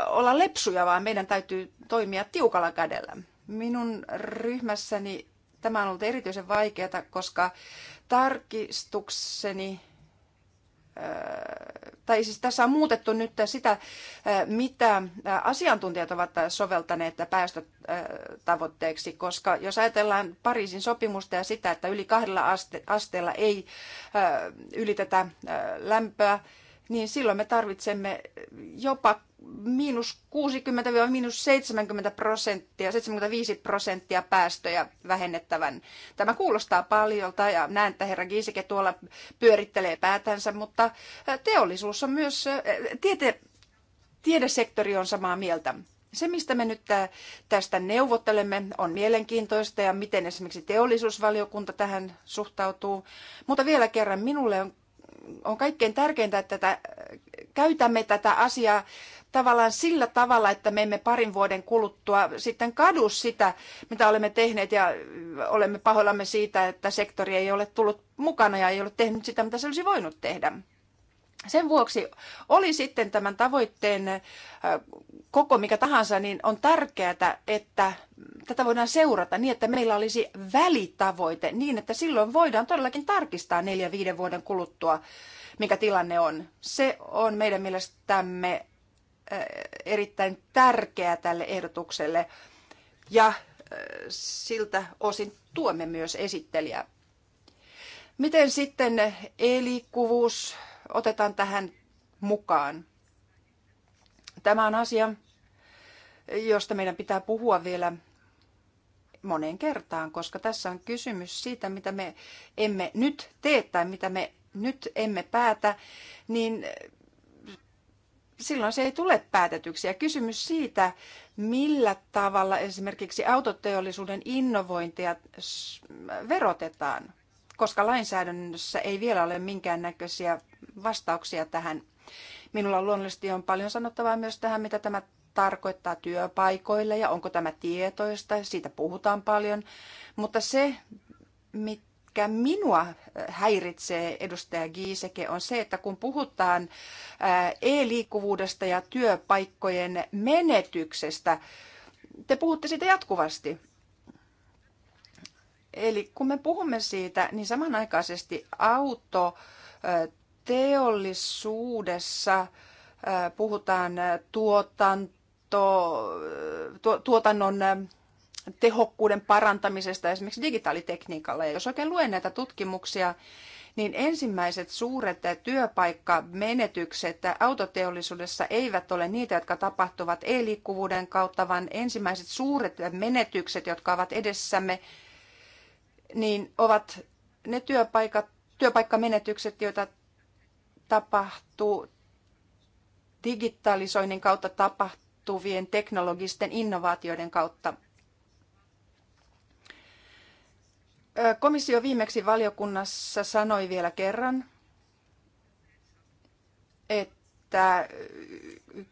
olla lepsuja, vaan meidän täytyy toimia tiukalla kädellä. Minun ryhmässäni tämä on ollut erityisen vaikeaa, koska tarkistukseni tai siis tässä on muutettu nyt sitä, mitä asiantuntijat ovat soveltaneet päästötavoitteeksi, koska jos ajatellaan Pariisin sopimusta ja sitä, että yli kahdella asteella ei ylitetä lämpöä, niin silloin me tarvitsemme jopa miinus 60-70 prosenttia, 75 prosenttia päästöjä vähennettävän. Tämä kuulostaa paljolta ja näen, että herra Giisike tuolla pyörittelee päätänsä, mutta teollisuus on myös, tiete, tiedesektori on samaa mieltä. Se, mistä me nyt tästä neuvottelemme, on mielenkiintoista ja miten esimerkiksi teollisuusvaliokunta tähän suhtautuu. Mutta vielä kerran, minulle on on kaikkein tärkeintä, että tätä, käytämme tätä asiaa tavallaan sillä tavalla, että me emme parin vuoden kuluttua sitten kadu sitä, mitä olemme tehneet ja olemme pahoillamme siitä, että sektori ei ole tullut mukana ja ei ole tehnyt sitä, mitä se olisi voinut tehdä sen vuoksi oli sitten tämän tavoitteen koko mikä tahansa, niin on tärkeää, että tätä voidaan seurata niin, että meillä olisi välitavoite niin, että silloin voidaan todellakin tarkistaa neljä viiden vuoden kuluttua, mikä tilanne on. Se on meidän mielestämme erittäin tärkeää tälle ehdotukselle ja siltä osin tuemme myös esittelijää. Miten sitten elikuvuus otetaan tähän mukaan. Tämä on asia, josta meidän pitää puhua vielä moneen kertaan, koska tässä on kysymys siitä, mitä me emme nyt tee tai mitä me nyt emme päätä, niin silloin se ei tule päätetyksi. Ja kysymys siitä, millä tavalla esimerkiksi autoteollisuuden innovointia verotetaan koska lainsäädännössä ei vielä ole minkäännäköisiä vastauksia tähän. Minulla on luonnollisesti on paljon sanottavaa myös tähän, mitä tämä tarkoittaa työpaikoille ja onko tämä tietoista, siitä puhutaan paljon. Mutta se, mikä minua häiritsee, edustaja Giiseke, on se, että kun puhutaan e-liikkuvuudesta ja työpaikkojen menetyksestä, te puhutte siitä jatkuvasti. Eli kun me puhumme siitä, niin samanaikaisesti auto teollisuudessa puhutaan tuotanto, tuotannon tehokkuuden parantamisesta esimerkiksi digitaalitekniikalla. Ja jos oikein luen näitä tutkimuksia, niin ensimmäiset suuret työpaikkamenetykset autoteollisuudessa eivät ole niitä, jotka tapahtuvat e-liikkuvuuden kautta, vaan ensimmäiset suuret menetykset, jotka ovat edessämme, niin ovat ne työpaikat, työpaikkamenetykset, joita tapahtuu digitalisoinnin kautta tapahtuvien teknologisten innovaatioiden kautta. Komissio viimeksi valiokunnassa sanoi vielä kerran, että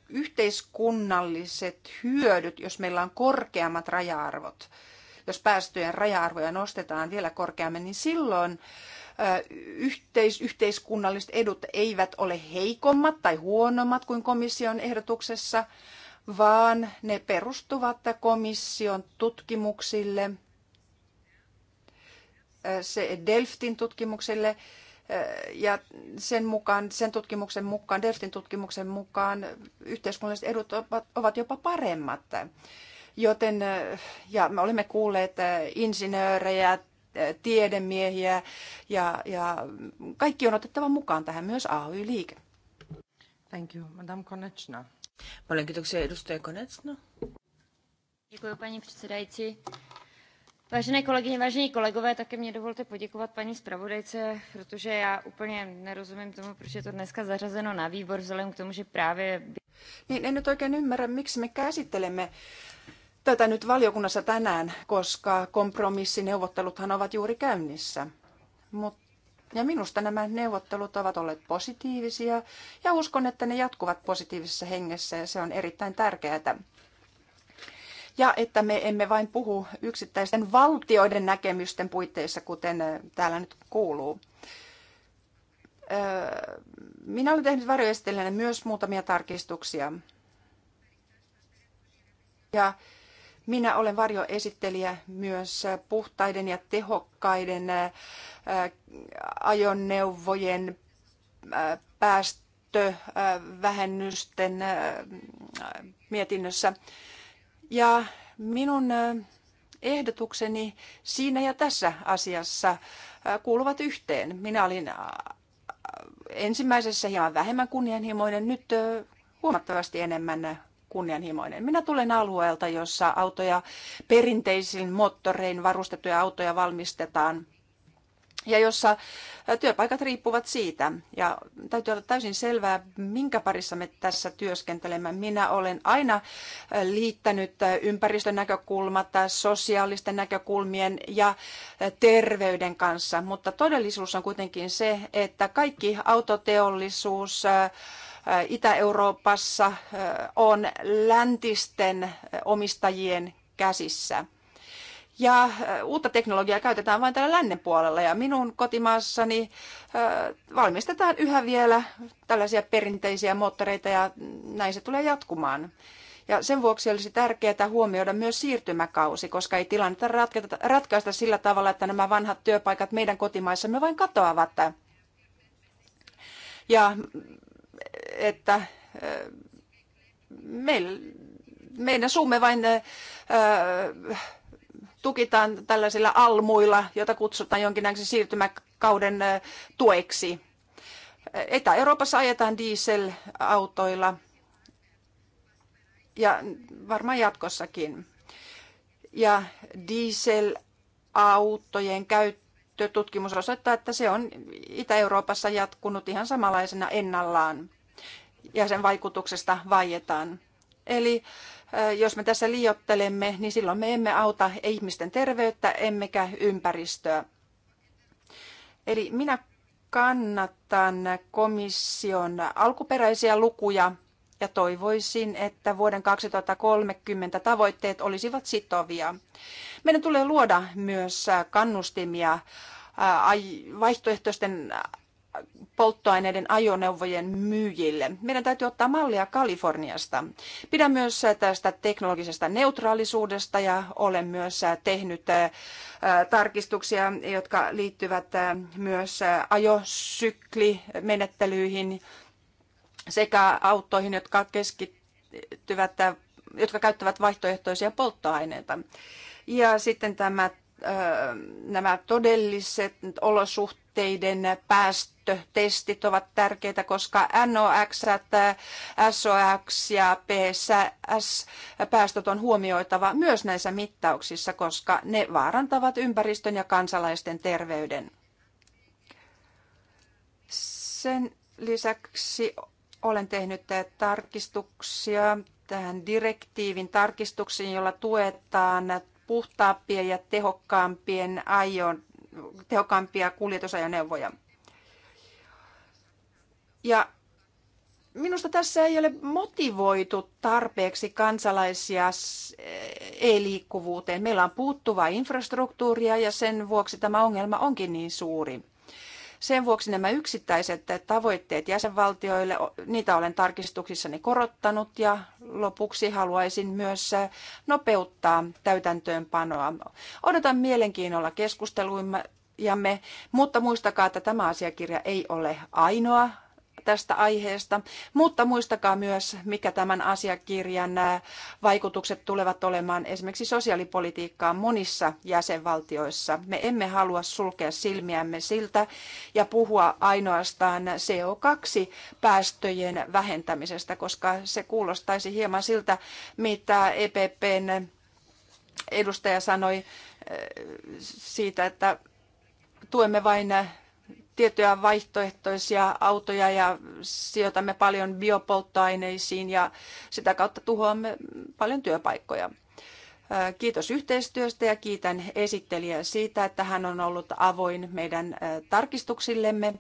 yhteiskunnalliset hyödyt, jos meillä on korkeammat raja-arvot, jos päästöjen raja-arvoja nostetaan vielä korkeammin, niin silloin yhteis- yhteiskunnalliset edut eivät ole heikommat tai huonommat kuin komission ehdotuksessa, vaan ne perustuvat komission tutkimuksille, se Delftin tutkimukselle, ja sen, mukaan, sen tutkimuksen mukaan, Delftin tutkimuksen mukaan yhteiskunnalliset edut ovat jopa paremmat. Joten, äh, ja me olemme kuulleet äh, insinöörejä, äh, tiedemiehiä ja, ja kaikki on otettava mukaan tähän, myös AY-liike. Thank you, Madame Konechna. Paljon kiitoksia, edustaja Konechna. Děkuji, paní předsedající. Vážené kolegyně, vážení kolegové, také mě dovolte poděkovat paní zpravodajce, protože já úplně nerozumím tomu, proč je to dneska zařazeno na výbor, vzhledem k tomu, že právě... Niin en nyt oikein ymmärrä, miksi me käsittelemme tätä nyt valiokunnassa tänään, koska kompromissineuvotteluthan ovat juuri käynnissä. Mut, ja minusta nämä neuvottelut ovat olleet positiivisia ja uskon, että ne jatkuvat positiivisessa hengessä ja se on erittäin tärkeää. Ja että me emme vain puhu yksittäisten valtioiden näkemysten puitteissa, kuten täällä nyt kuuluu. Minä olen tehnyt varjoesitellinen myös muutamia tarkistuksia. Ja minä olen varjoesittelijä myös puhtaiden ja tehokkaiden ajoneuvojen päästövähennysten mietinnössä. Ja minun ehdotukseni siinä ja tässä asiassa kuuluvat yhteen. Minä olin ensimmäisessä hieman vähemmän kunnianhimoinen, nyt huomattavasti enemmän kunnianhimoinen. Minä tulen alueelta, jossa autoja perinteisin moottorein varustettuja autoja valmistetaan ja jossa työpaikat riippuvat siitä. Ja täytyy olla täysin selvää, minkä parissa me tässä työskentelemme. Minä olen aina liittänyt ympäristönäkökulmat, sosiaalisten näkökulmien ja terveyden kanssa, mutta todellisuus on kuitenkin se, että kaikki autoteollisuus, Itä-Euroopassa on läntisten omistajien käsissä. Ja uutta teknologiaa käytetään vain täällä lännen puolella ja minun kotimaassani valmistetaan yhä vielä tällaisia perinteisiä moottoreita ja näin se tulee jatkumaan. Ja sen vuoksi olisi tärkeää huomioida myös siirtymäkausi, koska ei tilannetta ratkaista sillä tavalla, että nämä vanhat työpaikat meidän kotimaissamme vain katoavat. Ja että äh, meillä, meidän summe vain äh, tukitaan tällaisilla almuilla, jota kutsutaan jonkinlaisen siirtymäkauden äh, tueksi. Etä-Euroopassa ajetaan dieselautoilla ja varmaan jatkossakin. Ja dieselautojen käyttö tutkimus osoittaa, että se on Itä-Euroopassa jatkunut ihan samanlaisena ennallaan ja sen vaikutuksesta vaietaan. Eli jos me tässä liiottelemme, niin silloin me emme auta ihmisten terveyttä emmekä ympäristöä. Eli minä kannatan komission alkuperäisiä lukuja ja toivoisin, että vuoden 2030 tavoitteet olisivat sitovia. Meidän tulee luoda myös kannustimia vaihtoehtoisten polttoaineiden ajoneuvojen myyjille. Meidän täytyy ottaa mallia Kaliforniasta. Pidän myös tästä teknologisesta neutraalisuudesta ja olen myös tehnyt tarkistuksia, jotka liittyvät myös ajosyklimenettelyihin sekä autoihin, jotka keskittyvät jotka käyttävät vaihtoehtoisia polttoaineita. Ja sitten tämä, nämä todelliset olosuhteiden päästötestit ovat tärkeitä, koska NOx, SOx ja PSS-päästöt on huomioitava myös näissä mittauksissa, koska ne vaarantavat ympäristön ja kansalaisten terveyden. Sen lisäksi olen tehnyt eh, tarkistuksia tähän direktiivin tarkistuksiin, jolla tuetaan puhtaampien ja tehokkaampien ajon, tehokkaampia kuljetusajoneuvoja. Ja minusta tässä ei ole motivoitu tarpeeksi kansalaisia eh, e-liikkuvuuteen. Meillä on puuttuvaa infrastruktuuria ja sen vuoksi tämä ongelma onkin niin suuri. Sen vuoksi nämä yksittäiset tavoitteet jäsenvaltioille, niitä olen tarkistuksissani korottanut ja lopuksi haluaisin myös nopeuttaa täytäntöönpanoa. Odotan mielenkiinnolla keskusteluimme, mutta muistakaa, että tämä asiakirja ei ole ainoa tästä aiheesta, mutta muistakaa myös, mikä tämän asiakirjan vaikutukset tulevat olemaan esimerkiksi sosiaalipolitiikkaan monissa jäsenvaltioissa. Me emme halua sulkea silmiämme siltä ja puhua ainoastaan CO2-päästöjen vähentämisestä, koska se kuulostaisi hieman siltä, mitä EPPn edustaja sanoi siitä, että tuemme vain tiettyjä vaihtoehtoisia autoja ja sijoitamme paljon biopolttoaineisiin ja sitä kautta tuhoamme paljon työpaikkoja. Kiitos yhteistyöstä ja kiitän esittelijää siitä, että hän on ollut avoin meidän tarkistuksillemme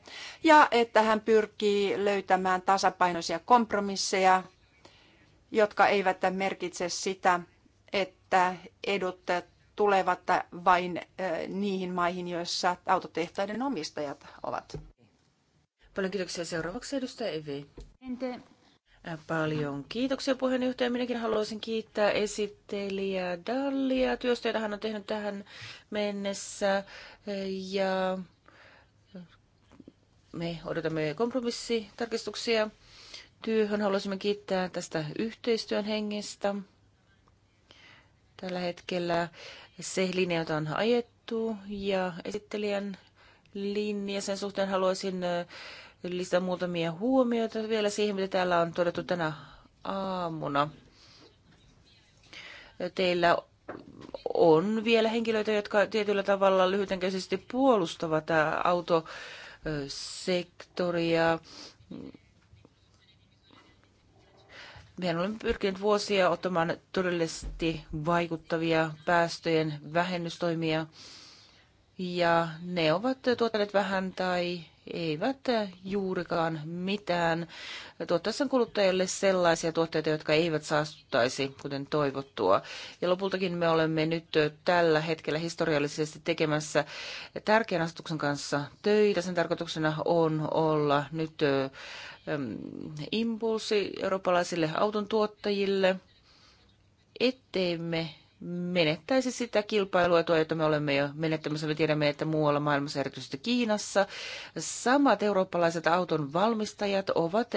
ja että hän pyrkii löytämään tasapainoisia kompromisseja, jotka eivät merkitse sitä, että edut tulevat vain niihin maihin, joissa autotehtaiden omistajat ovat. Paljon kiitoksia. Seuraavaksi edustaja Evi. Ente. Paljon kiitoksia puheenjohtaja. Minäkin haluaisin kiittää esittelijä Dallia työstä, jota hän on tehnyt tähän mennessä. Ja me odotamme kompromissitarkistuksia työhön. Haluaisimme kiittää tästä yhteistyön hengestä. Tällä hetkellä se linja, jota on ajettu, ja esittelijän linja. Sen suhteen haluaisin lisätä muutamia huomioita vielä siihen, mitä täällä on todettu tänä aamuna. Teillä on vielä henkilöitä, jotka tietyllä tavalla lyhytenkäisesti puolustavat autosektoria Mehän olemme pyrkineet vuosia ottamaan todellisesti vaikuttavia päästöjen vähennystoimia, ja ne ovat tuottaneet vähän tai eivät juurikaan mitään tuottaessaan kuluttajille sellaisia tuotteita, jotka eivät saastuttaisi, kuten toivottua. Ja lopultakin me olemme nyt tällä hetkellä historiallisesti tekemässä tärkeän asetuksen kanssa töitä. Sen tarkoituksena on olla nyt impulsi eurooppalaisille auton tuottajille, ettei me menettäisi sitä kilpailuetua, jota me olemme jo menettämässä. Me tiedämme, että muualla maailmassa, erityisesti Kiinassa, samat eurooppalaiset auton valmistajat ovat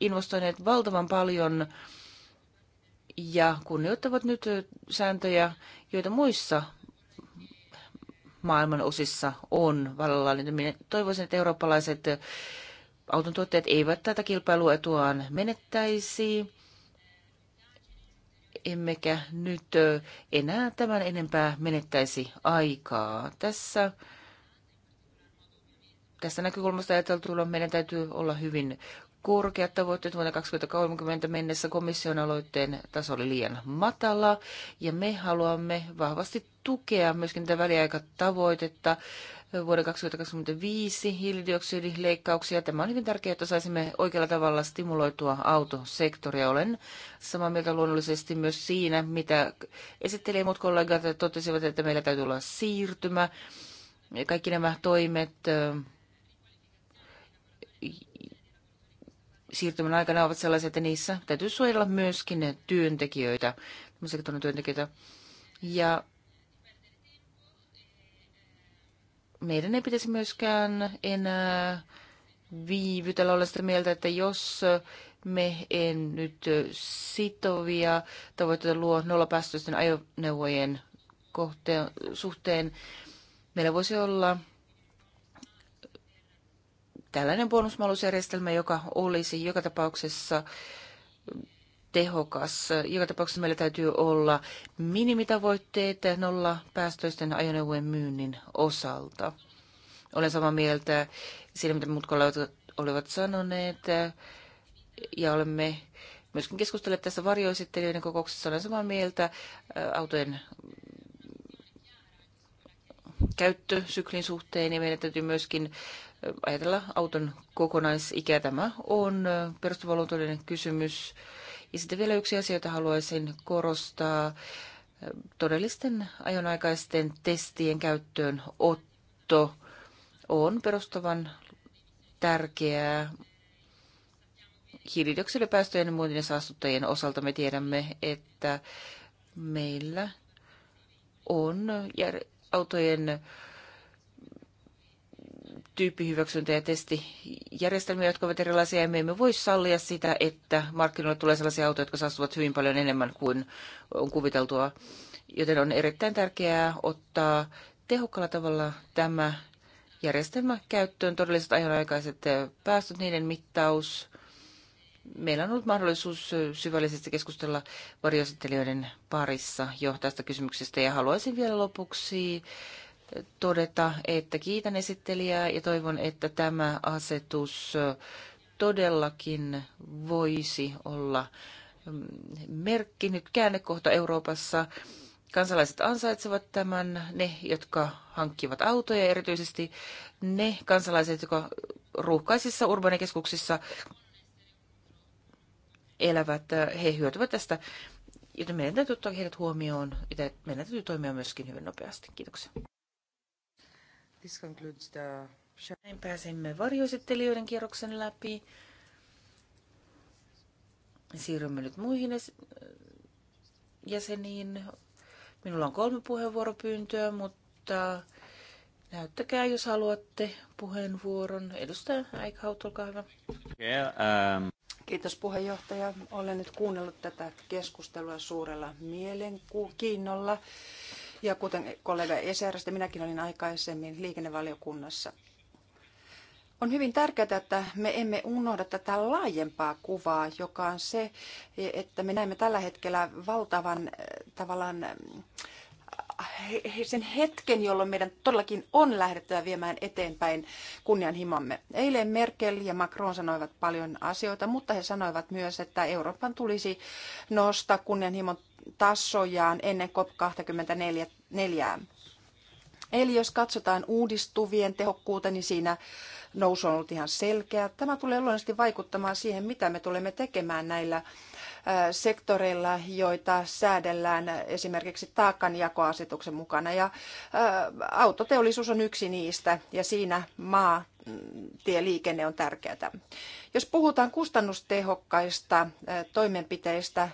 investoineet valtavan paljon ja kunnioittavat nyt sääntöjä, joita muissa maailman osissa on vallalla. Niin minä toivoisin, että eurooppalaiset auton tuotteet eivät tätä kilpailuetuaan menettäisi emmekä nyt enää tämän enempää menettäisi aikaa. Tässä Tässä näkökulmasta ajateltuna meidän täytyy olla hyvin korkeat tavoitteet vuonna 2030 mennessä komission aloitteen taso oli liian matala ja me haluamme vahvasti tukea myöskin tätä väliaikatavoitetta vuoden 2025 hiilidioksidileikkauksia. Tämä on hyvin tärkeää, että saisimme oikealla tavalla stimuloitua autosektoria. Olen samaa mieltä luonnollisesti myös siinä, mitä esittelee muut kollegat totesivat, että meillä täytyy olla siirtymä. Kaikki nämä toimet siirtymän aikana ovat sellaisia, että niissä täytyy suojella myöskin työntekijöitä, sektorin työntekijöitä. Ja meidän ei pitäisi myöskään enää viivytellä olla sitä mieltä, että jos me en nyt sitovia tavoitteita luo nollapäästöisten ajoneuvojen kohteen, suhteen, meillä voisi olla tällainen bonusmalusjärjestelmä, joka olisi joka tapauksessa tehokas. Joka tapauksessa meillä täytyy olla minimitavoitteet nolla päästöisten ajoneuvojen myynnin osalta. Olen samaa mieltä siitä, mitä muut kollegat olivat sanoneet, ja olemme myöskin keskustelleet tässä varjoesittelijöiden kokouksessa. Olen samaa mieltä autojen käyttösyklin suhteen, ja meidän täytyy myöskin ajatella auton kokonaisikä. Tämä on perustuvaluotollinen kysymys. Ja sitten vielä yksi asia, jota haluaisin korostaa. Todellisten ajonaikaisten testien käyttöön otto on perustavan tärkeää hiilidioksidipäästöjen ja muiden saastuttajien osalta. Me tiedämme, että meillä on autojen tyyppihyväksyntä- ja testijärjestelmiä, jotka ovat erilaisia, ja me emme voi sallia sitä, että markkinoille tulee sellaisia autoja, jotka saastuvat hyvin paljon enemmän kuin on kuviteltua. Joten on erittäin tärkeää ottaa tehokkaalla tavalla tämä järjestelmä käyttöön, todelliset ajonaikaiset eh, päästöt, niiden mittaus. Meillä on ollut mahdollisuus eh, syvällisesti keskustella varjoesittelijöiden parissa jo tästä kysymyksestä, ja haluaisin vielä lopuksi todeta, että kiitän esittelijää ja toivon, että tämä asetus todellakin voisi olla mm, merkki nyt käännekohta Euroopassa. Kansalaiset ansaitsevat tämän, ne, jotka hankkivat autoja, erityisesti ne kansalaiset, jotka ruuhkaisissa urbanikeskuksissa elävät, äh, he hyötyvät tästä. Joten meidän täytyy ottaa heidät huomioon, ja meidän täytyy toimia myöskin hyvin nopeasti. Kiitoksia. This concludes the... Näin pääsemme varjoesittelijöiden kierroksen läpi. Siirrymme nyt muihin jäseniin. Minulla on kolme puheenvuoropyyntöä, mutta näyttäkää, jos haluatte puheenvuoron. Edustaja Aikhaut, olkaa hyvä. Yeah, um... Kiitos puheenjohtaja. Olen nyt kuunnellut tätä keskustelua suurella mielenkiinnolla. Ja kuten kollega Eseristä, minäkin olin aikaisemmin liikennevaliokunnassa. On hyvin tärkeää, että me emme unohda tätä laajempaa kuvaa, joka on se, että me näemme tällä hetkellä valtavan eh, tavallaan eh, sen hetken, jolloin meidän todellakin on lähdettävä viemään eteenpäin kunnianhimamme. Eilen Merkel ja Macron sanoivat paljon asioita, mutta he sanoivat myös, että Euroopan tulisi nostaa kunnianhimon tasojaan ennen COP24. Eli jos katsotaan uudistuvien tehokkuutta, niin siinä nousu on ollut ihan selkeä. Tämä tulee luonnollisesti vaikuttamaan siihen, mitä me tulemme tekemään näillä sektoreilla, joita säädellään esimerkiksi taakanjakoasetuksen mukana. Ja autoteollisuus on yksi niistä ja siinä maa tieliikenne on tärkeää. Jos puhutaan kustannustehokkaista toimenpiteistä,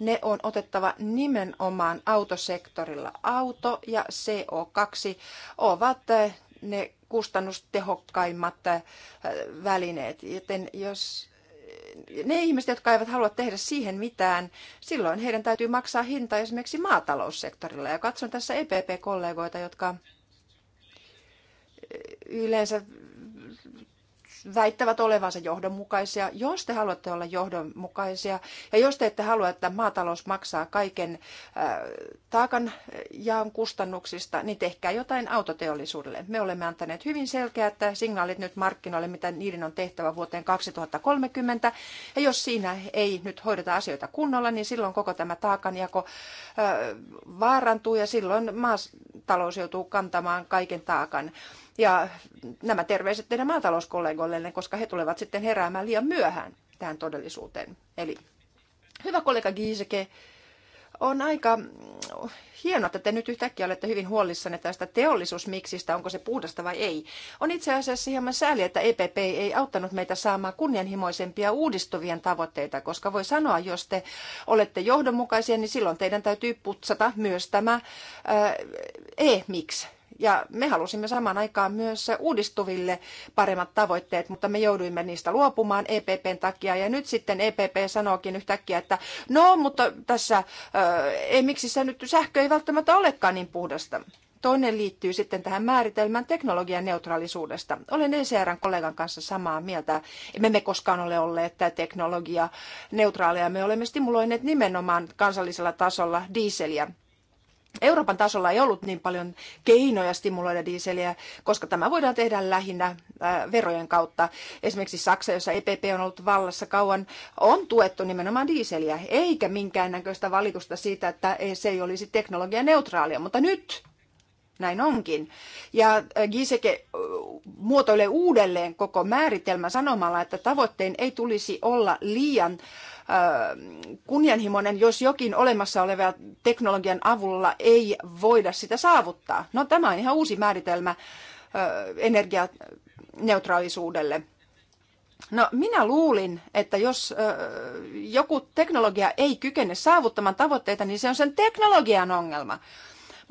ne on otettava nimenomaan autosektorilla. Auto ja CO2 ovat ne kustannustehokkaimmat äh, välineet. Joten jos ne ihmiset, jotka eivät halua tehdä siihen mitään, silloin heidän täytyy maksaa hinta esimerkiksi maataloussektorilla. Ja katson tässä EPP-kollegoita, jotka yleensä väittävät olevansa johdonmukaisia. Jos te haluatte olla johdonmukaisia ja jos te ette halua, että maatalous maksaa kaiken äh, taakan äh, jaon kustannuksista, niin tehkää jotain autoteollisuudelle. Me olemme antaneet hyvin selkeät äh, signaalit nyt markkinoille, mitä niiden on tehtävä vuoteen 2030. Ja jos siinä ei nyt hoideta asioita kunnolla, niin silloin koko tämä taakanjako vaarantuu ja silloin maatalous joutuu kantamaan kaiken taakan. Ja nämä terveiset teidän maatalouskollegoillenne, koska he tulevat sitten heräämään liian myöhään tähän todellisuuteen. Eli hyvä kollega Giiseke, on aika hienoa, että te nyt yhtäkkiä olette hyvin huolissanne tästä teollisuusmiksistä, onko se puhdasta vai ei. On itse asiassa hieman sääli, että EPP ei auttanut meitä saamaan kunnianhimoisempia uudistuvien tavoitteita, koska voi sanoa, jos te olette johdonmukaisia, niin silloin teidän täytyy putsata myös tämä e-miksi ja me halusimme samaan aikaan myös uudistuville paremmat tavoitteet, mutta me jouduimme niistä luopumaan EPPn takia. Ja nyt sitten EPP sanookin yhtäkkiä, että no, mutta tässä, äh, ei, miksi se nyt sähkö ei välttämättä olekaan niin puhdasta. Toinen liittyy sitten tähän määritelmään teknologian neutraalisuudesta. Olen ECRn kollegan kanssa samaa mieltä. Emme me koskaan ole olleet tämä teknologia neutraaleja. Me olemme stimuloineet nimenomaan kansallisella tasolla diiseliä. Euroopan tasolla ei ollut niin paljon keinoja stimuloida diiseliä, koska tämä voidaan tehdä lähinnä äh, verojen kautta. Esimerkiksi Saksa, jossa EPP on ollut vallassa kauan, on tuettu nimenomaan diiseliä, eikä minkäännäköistä valitusta siitä, että se ei olisi teknologianeutraalia. Mutta nyt näin onkin. Ja äh, Giseke äh, muotoilee uudelleen koko määritelmä sanomalla, että tavoitteen ei tulisi olla liian Äh, kunnianhimoinen, jos jokin olemassa olevan teknologian avulla ei voida sitä saavuttaa. No tämä on ihan uusi määritelmä äh, energianeutraalisuudelle. No minä luulin, että jos äh, joku teknologia ei kykene saavuttamaan tavoitteita, niin se on sen teknologian ongelma.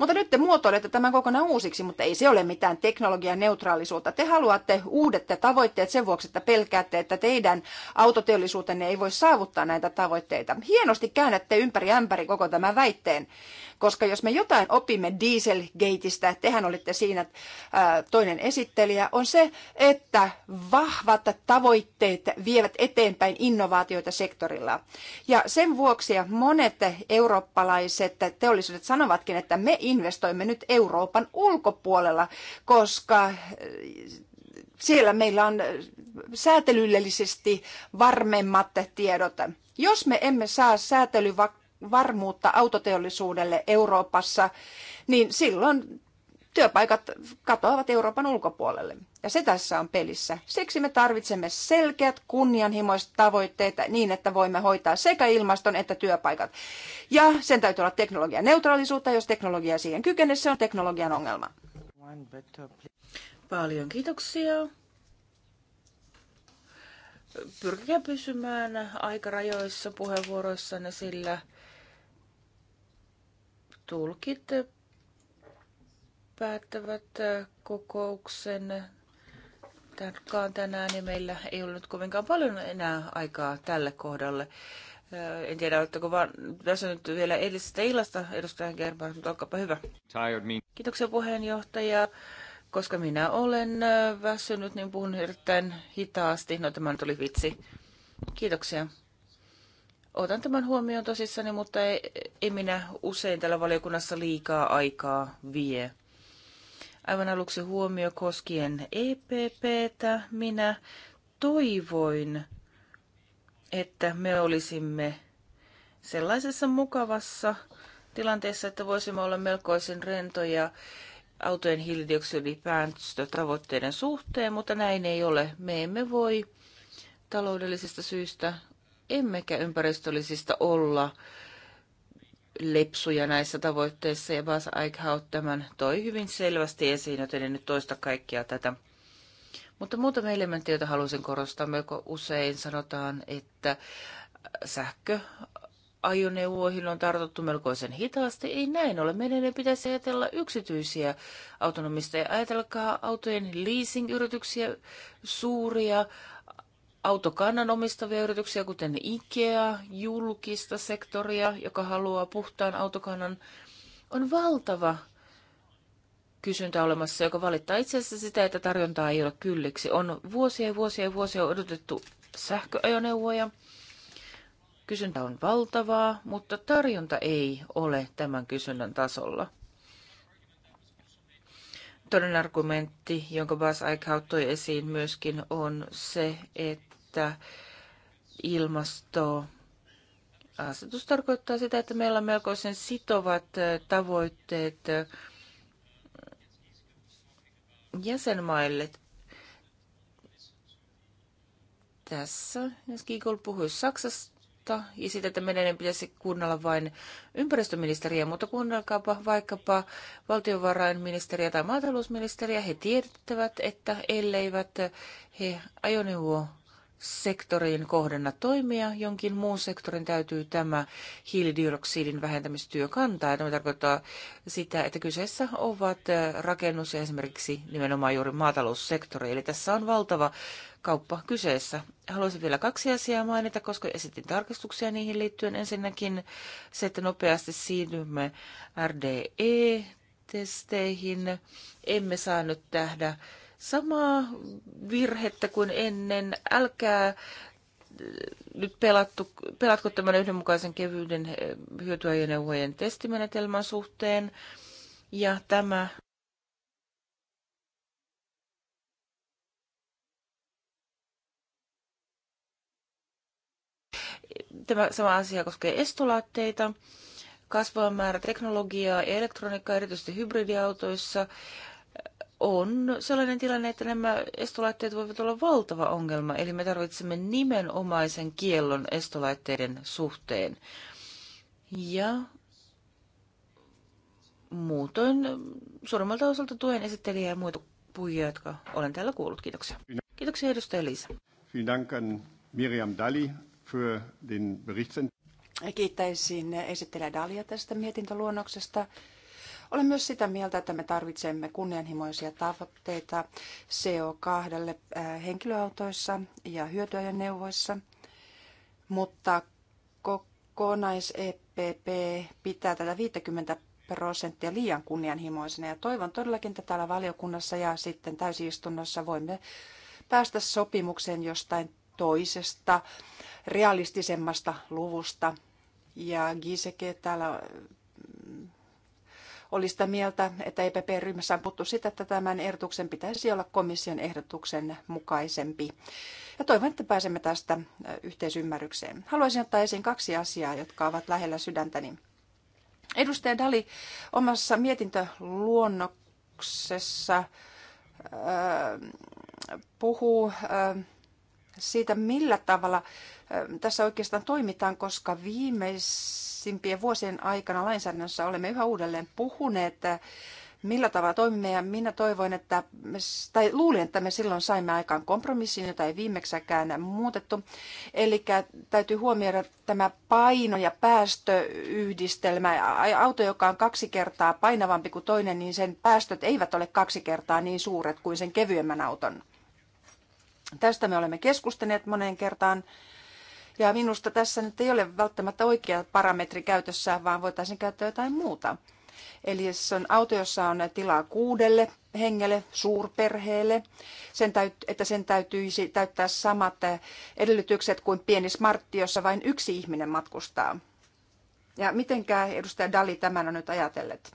Mutta nyt te muotoilette tämän kokonaan uusiksi, mutta ei se ole mitään teknologian neutraalisuutta. Te haluatte uudet tavoitteet sen vuoksi, että pelkäätte, että teidän autoteollisuutenne ei voi saavuttaa näitä tavoitteita. Hienosti käännätte ympäri ämpäri koko tämän väitteen. Koska jos me jotain opimme Dieselgateista, tehän olitte siinä toinen esittelijä, on se, että vahvat tavoitteet vievät eteenpäin innovaatioita sektorilla. Ja sen vuoksi monet eurooppalaiset teollisuudet sanovatkin, että me investoimme nyt Euroopan ulkopuolella, koska siellä meillä on säätelyllisesti varmemmat tiedot. Jos me emme saa säätelyvak varmuutta autoteollisuudelle Euroopassa, niin silloin työpaikat katoavat Euroopan ulkopuolelle. Ja se tässä on pelissä. Siksi me tarvitsemme selkeät, kunnianhimoiset tavoitteet niin, että voimme hoitaa sekä ilmaston että työpaikat. Ja sen täytyy olla teknologian neutraalisuutta. Jos teknologia siihen kykene, se on teknologian ongelma. Paljon kiitoksia. Pyrkikää pysymään aikarajoissa puheenvuoroissanne, sillä tulkit päättävät äh, kokouksen tarkkaan tänään ja meillä ei ole nyt kovinkaan paljon enää aikaa tälle kohdalle. Äh, en tiedä, oletteko vaan tässä nyt vielä edellisestä illasta, edustajan Gerber, mutta olkaapa hyvä. Kiitoksia puheenjohtaja. Koska minä olen äh, väsynyt, niin puhun erittäin hitaasti. No tämä nyt oli vitsi. Kiitoksia. Otan tämän huomioon tosissani, mutta ei, ei minä usein tällä valiokunnassa liikaa aikaa vie. Aivan aluksi huomio koskien EPPtä. Minä toivoin, että me olisimme sellaisessa mukavassa tilanteessa, että voisimme olla melkoisen rentoja autojen hiilidioksidipäästötavoitteiden suhteen, mutta näin ei ole. Me emme voi taloudellisista syistä emmekä ympäristöllisistä olla lepsuja näissä tavoitteissa, ja Bas Eichhout tämän toi hyvin selvästi esiin, joten en nyt toista kaikkia tätä. Mutta muutama elementti, jota halusin korostaa, melko usein sanotaan, että sähkö ajoneuvoihin on tartuttu melkoisen hitaasti. Ei näin ole. Meidän ei pitäisi ajatella yksityisiä autonomista ja ajatelkaa autojen leasing-yrityksiä, suuria autokannan omistavia yrityksiä, kuten IKEA, julkista sektoria, joka haluaa puhtaan autokannan, on valtava kysyntä olemassa, joka valittaa itse asiassa sitä, että tarjontaa ei ole kylliksi. On vuosia ja vuosia ja vuosia odotettu sähköajoneuvoja. Kysyntä on valtavaa, mutta tarjonta ei ole tämän kysynnän tasolla. Toinen argumentti, jonka Bas Eichhout toi esiin myöskin, on se, että ilmasto asetus tarkoittaa sitä, että meillä on melkoisen sitovat tavoitteet jäsenmaille. Tässä Skigol puhui Saksasta totta. ja siitä, että meidän ei pitäisi kuunnella vain ympäristöministeriä, mutta kuunnelkaapa vaikkapa valtiovarainministeriä tai maatalousministeriä. He tiedettävät, että elleivät he ajoneuvo sektoriin kohdenna toimia, jonkin muun sektorin täytyy tämä hiilidioksidin vähentämistyö kantaa. Tämä tarkoittaa sitä, että kyseessä ovat rakennus ja esimerkiksi nimenomaan juuri maataloussektori. Eli tässä on valtava kauppa kyseessä. Haluaisin vielä kaksi asiaa mainita, koska esitin tarkistuksia niihin liittyen. Ensinnäkin se, että nopeasti siirrymme RDE-testeihin. Emme saa nyt tähdä samaa virhettä kuin ennen. Älkää äh, nyt pelattu, pelatko tämän yhdenmukaisen kevyyden äh, hyötyajoneuvojen testimenetelmän suhteen. Ja tämä Sitten sama asia koskee estolaatteita, kasvava määrä teknologiaa ja elektroniikkaa, erityisesti hybridiautoissa, on sellainen tilanne, että nämä estolaitteet voivat olla valtava ongelma, eli me tarvitsemme nimenomaisen kiellon estolaitteiden suhteen. Ja muutoin suurimmalta osalta tuen esittelijää ja muita puhujia, jotka olen täällä kuullut. Kiitoksia. Kiitoksia edustaja Liisa. Miriam Dali für den Berichtsentwurf. Kiittäisin esittelijä Dalia tästä mietintöluonnoksesta. Olen myös sitä mieltä, että me tarvitsemme kunnianhimoisia tavoitteita CO2 äh, henkilöautoissa ja hyötyajoneuvoissa, mutta kokonais-EPP pitää tätä 50 prosenttia liian kunnianhimoisena ja toivon todellakin, että täällä valiokunnassa ja sitten täysistunnossa voimme päästä sopimukseen jostain toisesta realistisemmasta luvusta. Ja Giseke täällä mm, oli sitä mieltä, että EPP-ryhmässä on puhuttu sitä, että tämän ehdotuksen pitäisi olla komission ehdotuksen mukaisempi. Ja toivon, että pääsemme tästä yhteisymmärrykseen. Haluaisin ottaa esiin kaksi asiaa, jotka ovat lähellä sydäntäni. Edustaja Dali omassa mietintöluonnoksessa puhuu äh, siitä, millä tavalla tässä oikeastaan toimitaan, koska viimeisimpien vuosien aikana lainsäädännössä olemme yhä uudelleen puhuneet, että millä tavalla toimimme ja minä toivoin, että, me, tai luulin, että me silloin saimme aikaan kompromissin, jota ei viimeksäkään muutettu. Eli täytyy huomioida tämä paino- ja päästöyhdistelmä. Auto, joka on kaksi kertaa painavampi kuin toinen, niin sen päästöt eivät ole kaksi kertaa niin suuret kuin sen kevyemmän auton. Tästä me olemme keskustaneet moneen kertaan. Ja minusta tässä nyt ei ole välttämättä oikea parametri käytössä, vaan voitaisiin käyttää jotain muuta. Eli jos on auto, jossa on tilaa kuudelle hengelle, suurperheelle, sen täyt, että sen täytyisi täyttää samat edellytykset kuin pieni smartti, jossa vain yksi ihminen matkustaa. Ja mitenkään edustaja Dali tämän on nyt ajatellut?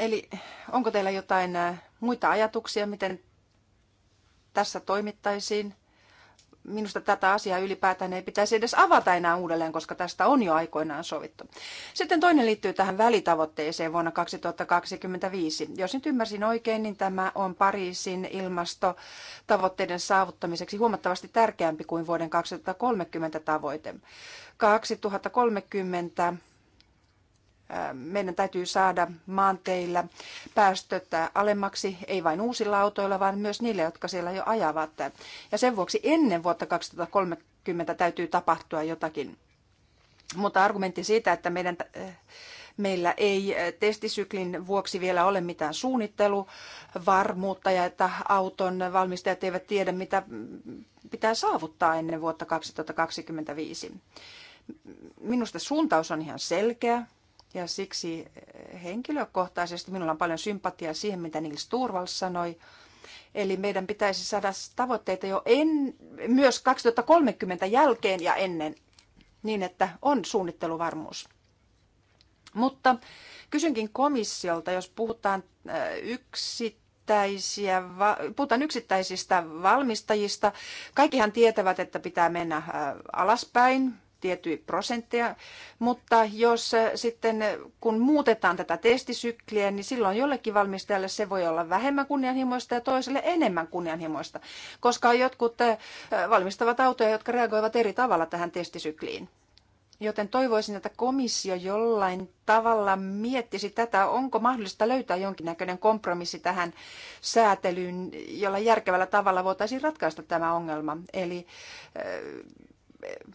Eli onko teillä jotain muita ajatuksia, miten tässä toimittaisiin? Minusta tätä asiaa ylipäätään ei pitäisi edes avata enää uudelleen, koska tästä on jo aikoinaan sovittu. Sitten toinen liittyy tähän välitavoitteeseen vuonna 2025. Jos nyt ymmärsin oikein, niin tämä on Pariisin ilmastotavoitteiden saavuttamiseksi huomattavasti tärkeämpi kuin vuoden 2030 tavoite. 2030 meidän täytyy saada maanteillä päästöt alemmaksi, ei vain uusilla autoilla, vaan myös niille, jotka siellä jo ajavat. Ja sen vuoksi ennen vuotta 2030 täytyy tapahtua jotakin. Mutta argumentti siitä, että meidän, meillä ei testisyklin vuoksi vielä ole mitään suunnitteluvarmuutta ja että auton valmistajat eivät tiedä, mitä pitää saavuttaa ennen vuotta 2025. Minusta suuntaus on ihan selkeä ja siksi henkilökohtaisesti minulla on paljon sympatiaa siihen, mitä Nils Turval sanoi. Eli meidän pitäisi saada tavoitteita jo en, myös 2030 jälkeen ja ennen, niin että on suunnitteluvarmuus. Mutta kysynkin komissiolta, jos puhutaan yksi äh, yksittäisiä, puhutaan yksittäisistä valmistajista. Kaikkihan tietävät, että pitää mennä äh, alaspäin tiettyjä prosentteja, mutta jos äh, sitten äh, kun muutetaan tätä testisykliä, niin silloin jollekin valmistajalle se voi olla vähemmän kunnianhimoista ja toiselle enemmän kunnianhimoista, koska jotkut äh, valmistavat autoja, jotka reagoivat eri tavalla tähän testisykliin. Joten toivoisin, että komissio jollain tavalla miettisi tätä, onko mahdollista löytää jonkinnäköinen kompromissi tähän säätelyyn, jolla järkevällä tavalla voitaisiin ratkaista tämä ongelma. Eli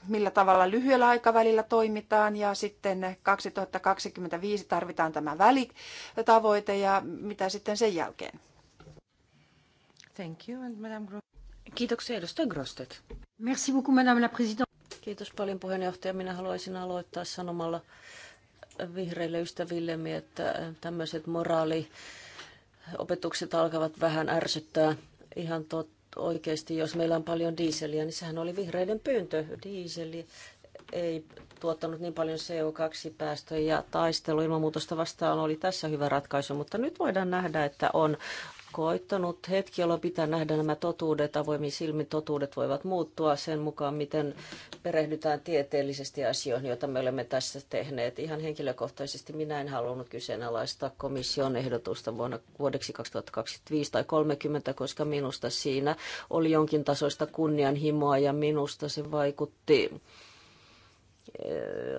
millä tavalla lyhyellä aikavälillä toimitaan ja sitten 2025 tarvitaan tämä välitavoite ja mitä sitten sen jälkeen. Thank you and Madame Gro- Kiitoksia edustaja Grostet. Merci beaucoup Madame la Présidente. Kiitos paljon puheenjohtaja. Minä haluaisin aloittaa sanomalla vihreille ystäville, että tämmöiset moraaliopetukset alkavat vähän ärsyttää. Ihan totta oikeasti, jos meillä on paljon diiseliä, niin sehän oli vihreiden pyyntö. Diiseli ei tuottanut niin paljon CO2-päästöjä ja taistelu ilmanmuutosta vastaan oli tässä hyvä ratkaisu, mutta nyt voidaan nähdä, että on koittanut hetki, jolloin pitää nähdä nämä totuudet, avoimin silmin totuudet voivat muuttua sen mukaan, miten perehdytään tieteellisesti asioihin, joita me olemme tässä tehneet. Ihan henkilökohtaisesti minä en halunnut kyseenalaistaa komission ehdotusta vuonna, vuodeksi 2025 tai 2030, koska minusta siinä oli jonkin tasoista kunnianhimoa ja minusta se vaikutti Eh,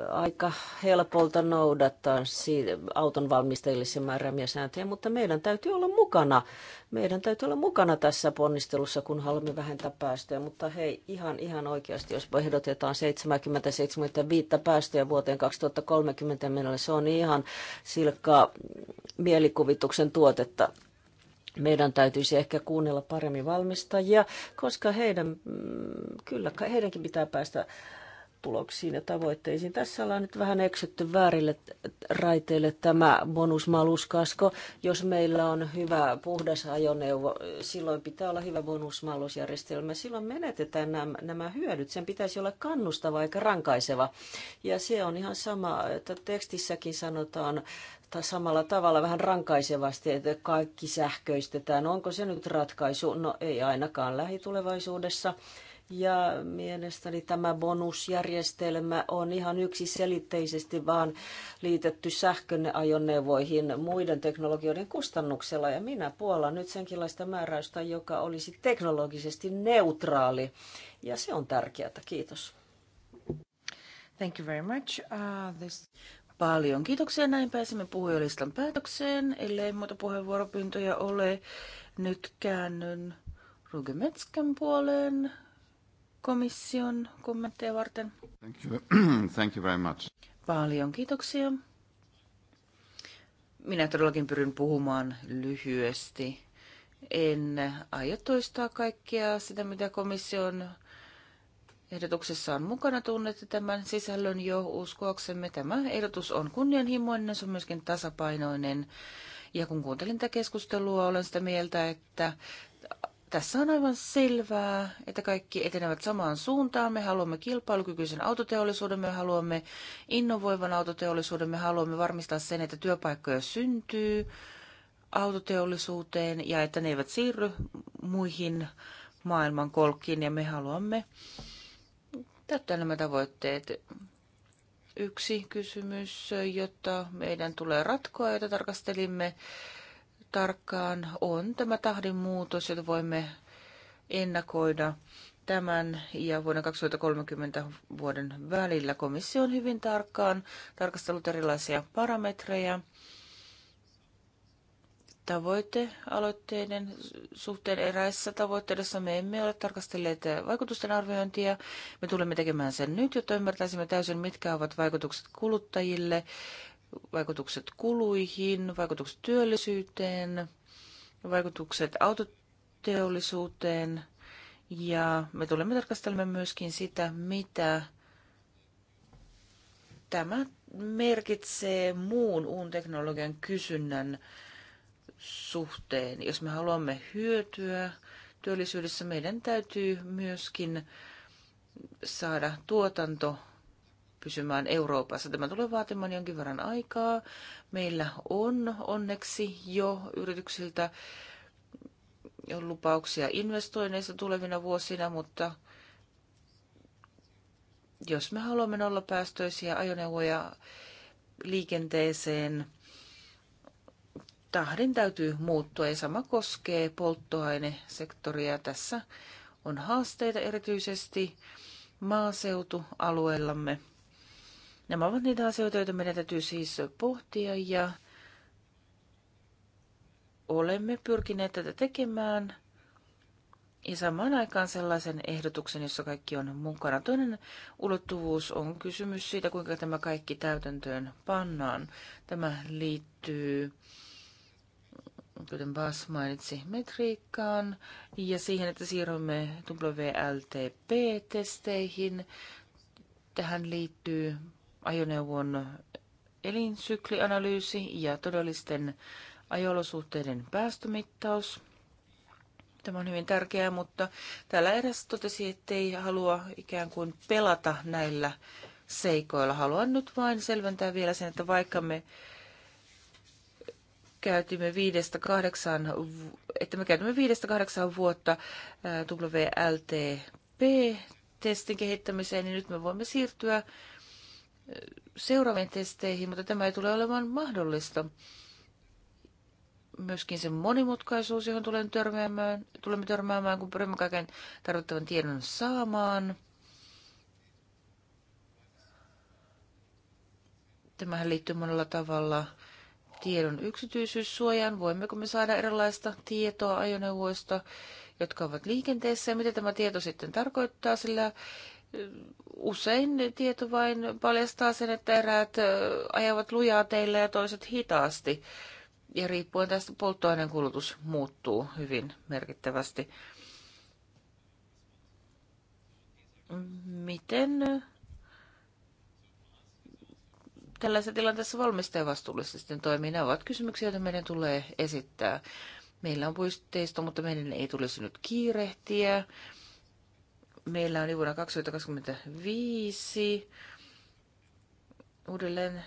aika helpolta noudattaa auton valmistajille se määräämiä sääntöjä, mutta meidän täytyy olla mukana. Meidän täytyy olla mukana tässä ponnistelussa, kun haluamme vähentää päästöjä. Mutta hei, ihan, ihan oikeasti, jos ehdotetaan 70-75 päästöjä vuoteen 2030 mennessä, se on ihan silkkaa mielikuvituksen tuotetta meidän täytyisi ehkä kuunnella paremmin valmistajia, koska heidän, mm, kyllä heidänkin pitää päästä tuloksiin ja tavoitteisiin. Tässä ollaan nyt vähän eksytty väärille raiteille tämä bonusmaluskasko. Jos meillä on hyvä puhdas ajoneuvo, silloin pitää olla hyvä bonusmalusjärjestelmä. Silloin menetetään nämä, nämä hyödyt. Sen pitäisi olla kannustava eikä rankaiseva. Ja se on ihan sama, että tekstissäkin sanotaan tai samalla tavalla vähän rankaisevasti, että kaikki sähköistetään. Onko se nyt ratkaisu? No ei ainakaan lähitulevaisuudessa. Ja mielestäni tämä bonusjärjestelmä on ihan yksiselitteisesti vaan liitetty sähkön ajoneuvoihin muiden teknologioiden kustannuksella. Ja minä puolan nyt senkinlaista määräystä, joka olisi teknologisesti neutraali. Ja se on tärkeää. Kiitos. Thank you very much. Uh, this... Paljon kiitoksia. Näin pääsemme puhujalistan päätökseen. Ellei muuta puheenvuoropyyntöjä ole, nyt käännyn Rugemetskän puoleen komission kommentteja varten. Thank you. Thank you very much. Paljon kiitoksia. Minä todellakin pyrin puhumaan lyhyesti. En aio toistaa kaikkea sitä, mitä komission ehdotuksessa on mukana. Tunnette tämän sisällön jo uskoaksemme. Tämä ehdotus on kunnianhimoinen, se on myöskin tasapainoinen. Ja kun kuuntelin tätä keskustelua, olen sitä mieltä, että tässä on aivan selvää, että kaikki etenevät samaan suuntaan. Me haluamme kilpailukykyisen autoteollisuuden, me haluamme innovoivan autoteollisuuden, me haluamme varmistaa sen, että työpaikkoja syntyy autoteollisuuteen ja että ne eivät siirry muihin kolkkiin ja me haluamme täyttää nämä tavoitteet. Yksi kysymys, jota meidän tulee ratkoa, jota tarkastelimme tarkkaan on tämä tahdin muutos, jota voimme ennakoida tämän ja vuoden 2030 vuoden välillä. Komissio on hyvin tarkkaan tarkastellut erilaisia parametreja tavoitealoitteiden suhteen eräissä tavoitteissa me emme ole tarkastelleet vaikutusten arviointia. Me tulemme tekemään sen nyt, jotta ymmärtäisimme täysin, mitkä ovat vaikutukset kuluttajille, vaikutukset kuluihin, vaikutukset työllisyyteen, vaikutukset autoteollisuuteen ja me tulemme tarkastelemaan myöskin sitä, mitä tämä merkitsee muun uun teknologian kysynnän suhteen. Jos me haluamme hyötyä työllisyydessä, meidän täytyy myöskin saada tuotanto pysymään Euroopassa. Tämä tulee vaatimaan jonkin verran aikaa. Meillä on onneksi jo yrityksiltä lupauksia investoinneista tulevina vuosina, mutta jos me haluamme olla päästöisiä ajoneuvoja liikenteeseen, tahdin täytyy muuttua ja sama koskee polttoainesektoria. Tässä on haasteita erityisesti maaseutualueillamme. Nämä ovat niitä asioita, joita meidän täytyy siis pohtia ja olemme pyrkineet tätä tekemään ja samaan aikaan sellaisen ehdotuksen, jossa kaikki on mukana. Toinen ulottuvuus on kysymys siitä, kuinka tämä kaikki täytäntöön pannaan. Tämä liittyy, kuten Bas mainitsi, metriikkaan ja siihen, että siirrymme WLTP-testeihin. Tähän liittyy ajoneuvon elinsyklianalyysi ja todellisten ajolosuhteiden päästömittaus. Tämä on hyvin tärkeää, mutta täällä eräs totesi, että ei halua ikään kuin pelata näillä seikoilla. Haluan nyt vain selventää vielä sen, että vaikka me käytimme viidestä kahdeksaan, että me käytimme viidestä kahdeksaan vuotta WLTP-testin kehittämiseen, niin nyt me voimme siirtyä seuraaviin testeihin, mutta tämä ei tule olemaan mahdollista. Myöskin se monimutkaisuus, johon tulen törmäämään, tulemme törmäämään, kun pyrimme kaiken tarvittavan tiedon saamaan. Tämähän liittyy monella tavalla tiedon yksityisyyssuojaan. Voimmeko me saada erilaista tietoa ajoneuvoista, jotka ovat liikenteessä ja mitä tämä tieto sitten tarkoittaa, sillä Usein tieto vain paljastaa sen, että eräät ajavat lujaa teillä ja toiset hitaasti. Ja riippuen tästä polttoaineen kulutus muuttuu hyvin merkittävästi. Miten tällaisessa tilanteessa valmistaja vastuullisesti toimii? Nämä ovat kysymyksiä, joita meidän tulee esittää. Meillä on puisteisto, mutta meidän ei tulisi nyt kiirehtiä meillä oli vuonna 2025 uudelleen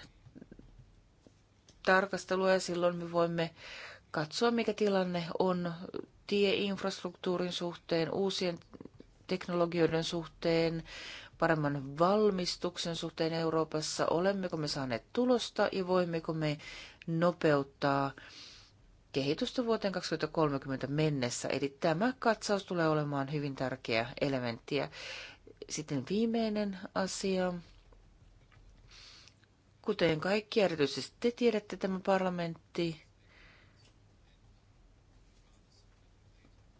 tarkastelua ja silloin me voimme katsoa, mikä tilanne on tieinfrastruktuurin suhteen, uusien teknologioiden suhteen, paremman valmistuksen suhteen Euroopassa, olemmeko me saaneet tulosta ja voimmeko me nopeuttaa kehitystä vuoteen 2030 mennessä. Eli tämä katsaus tulee olemaan hyvin tärkeä elementti. Sitten viimeinen asia. Kuten kaikki, erityisesti te tiedätte tämä parlamentti,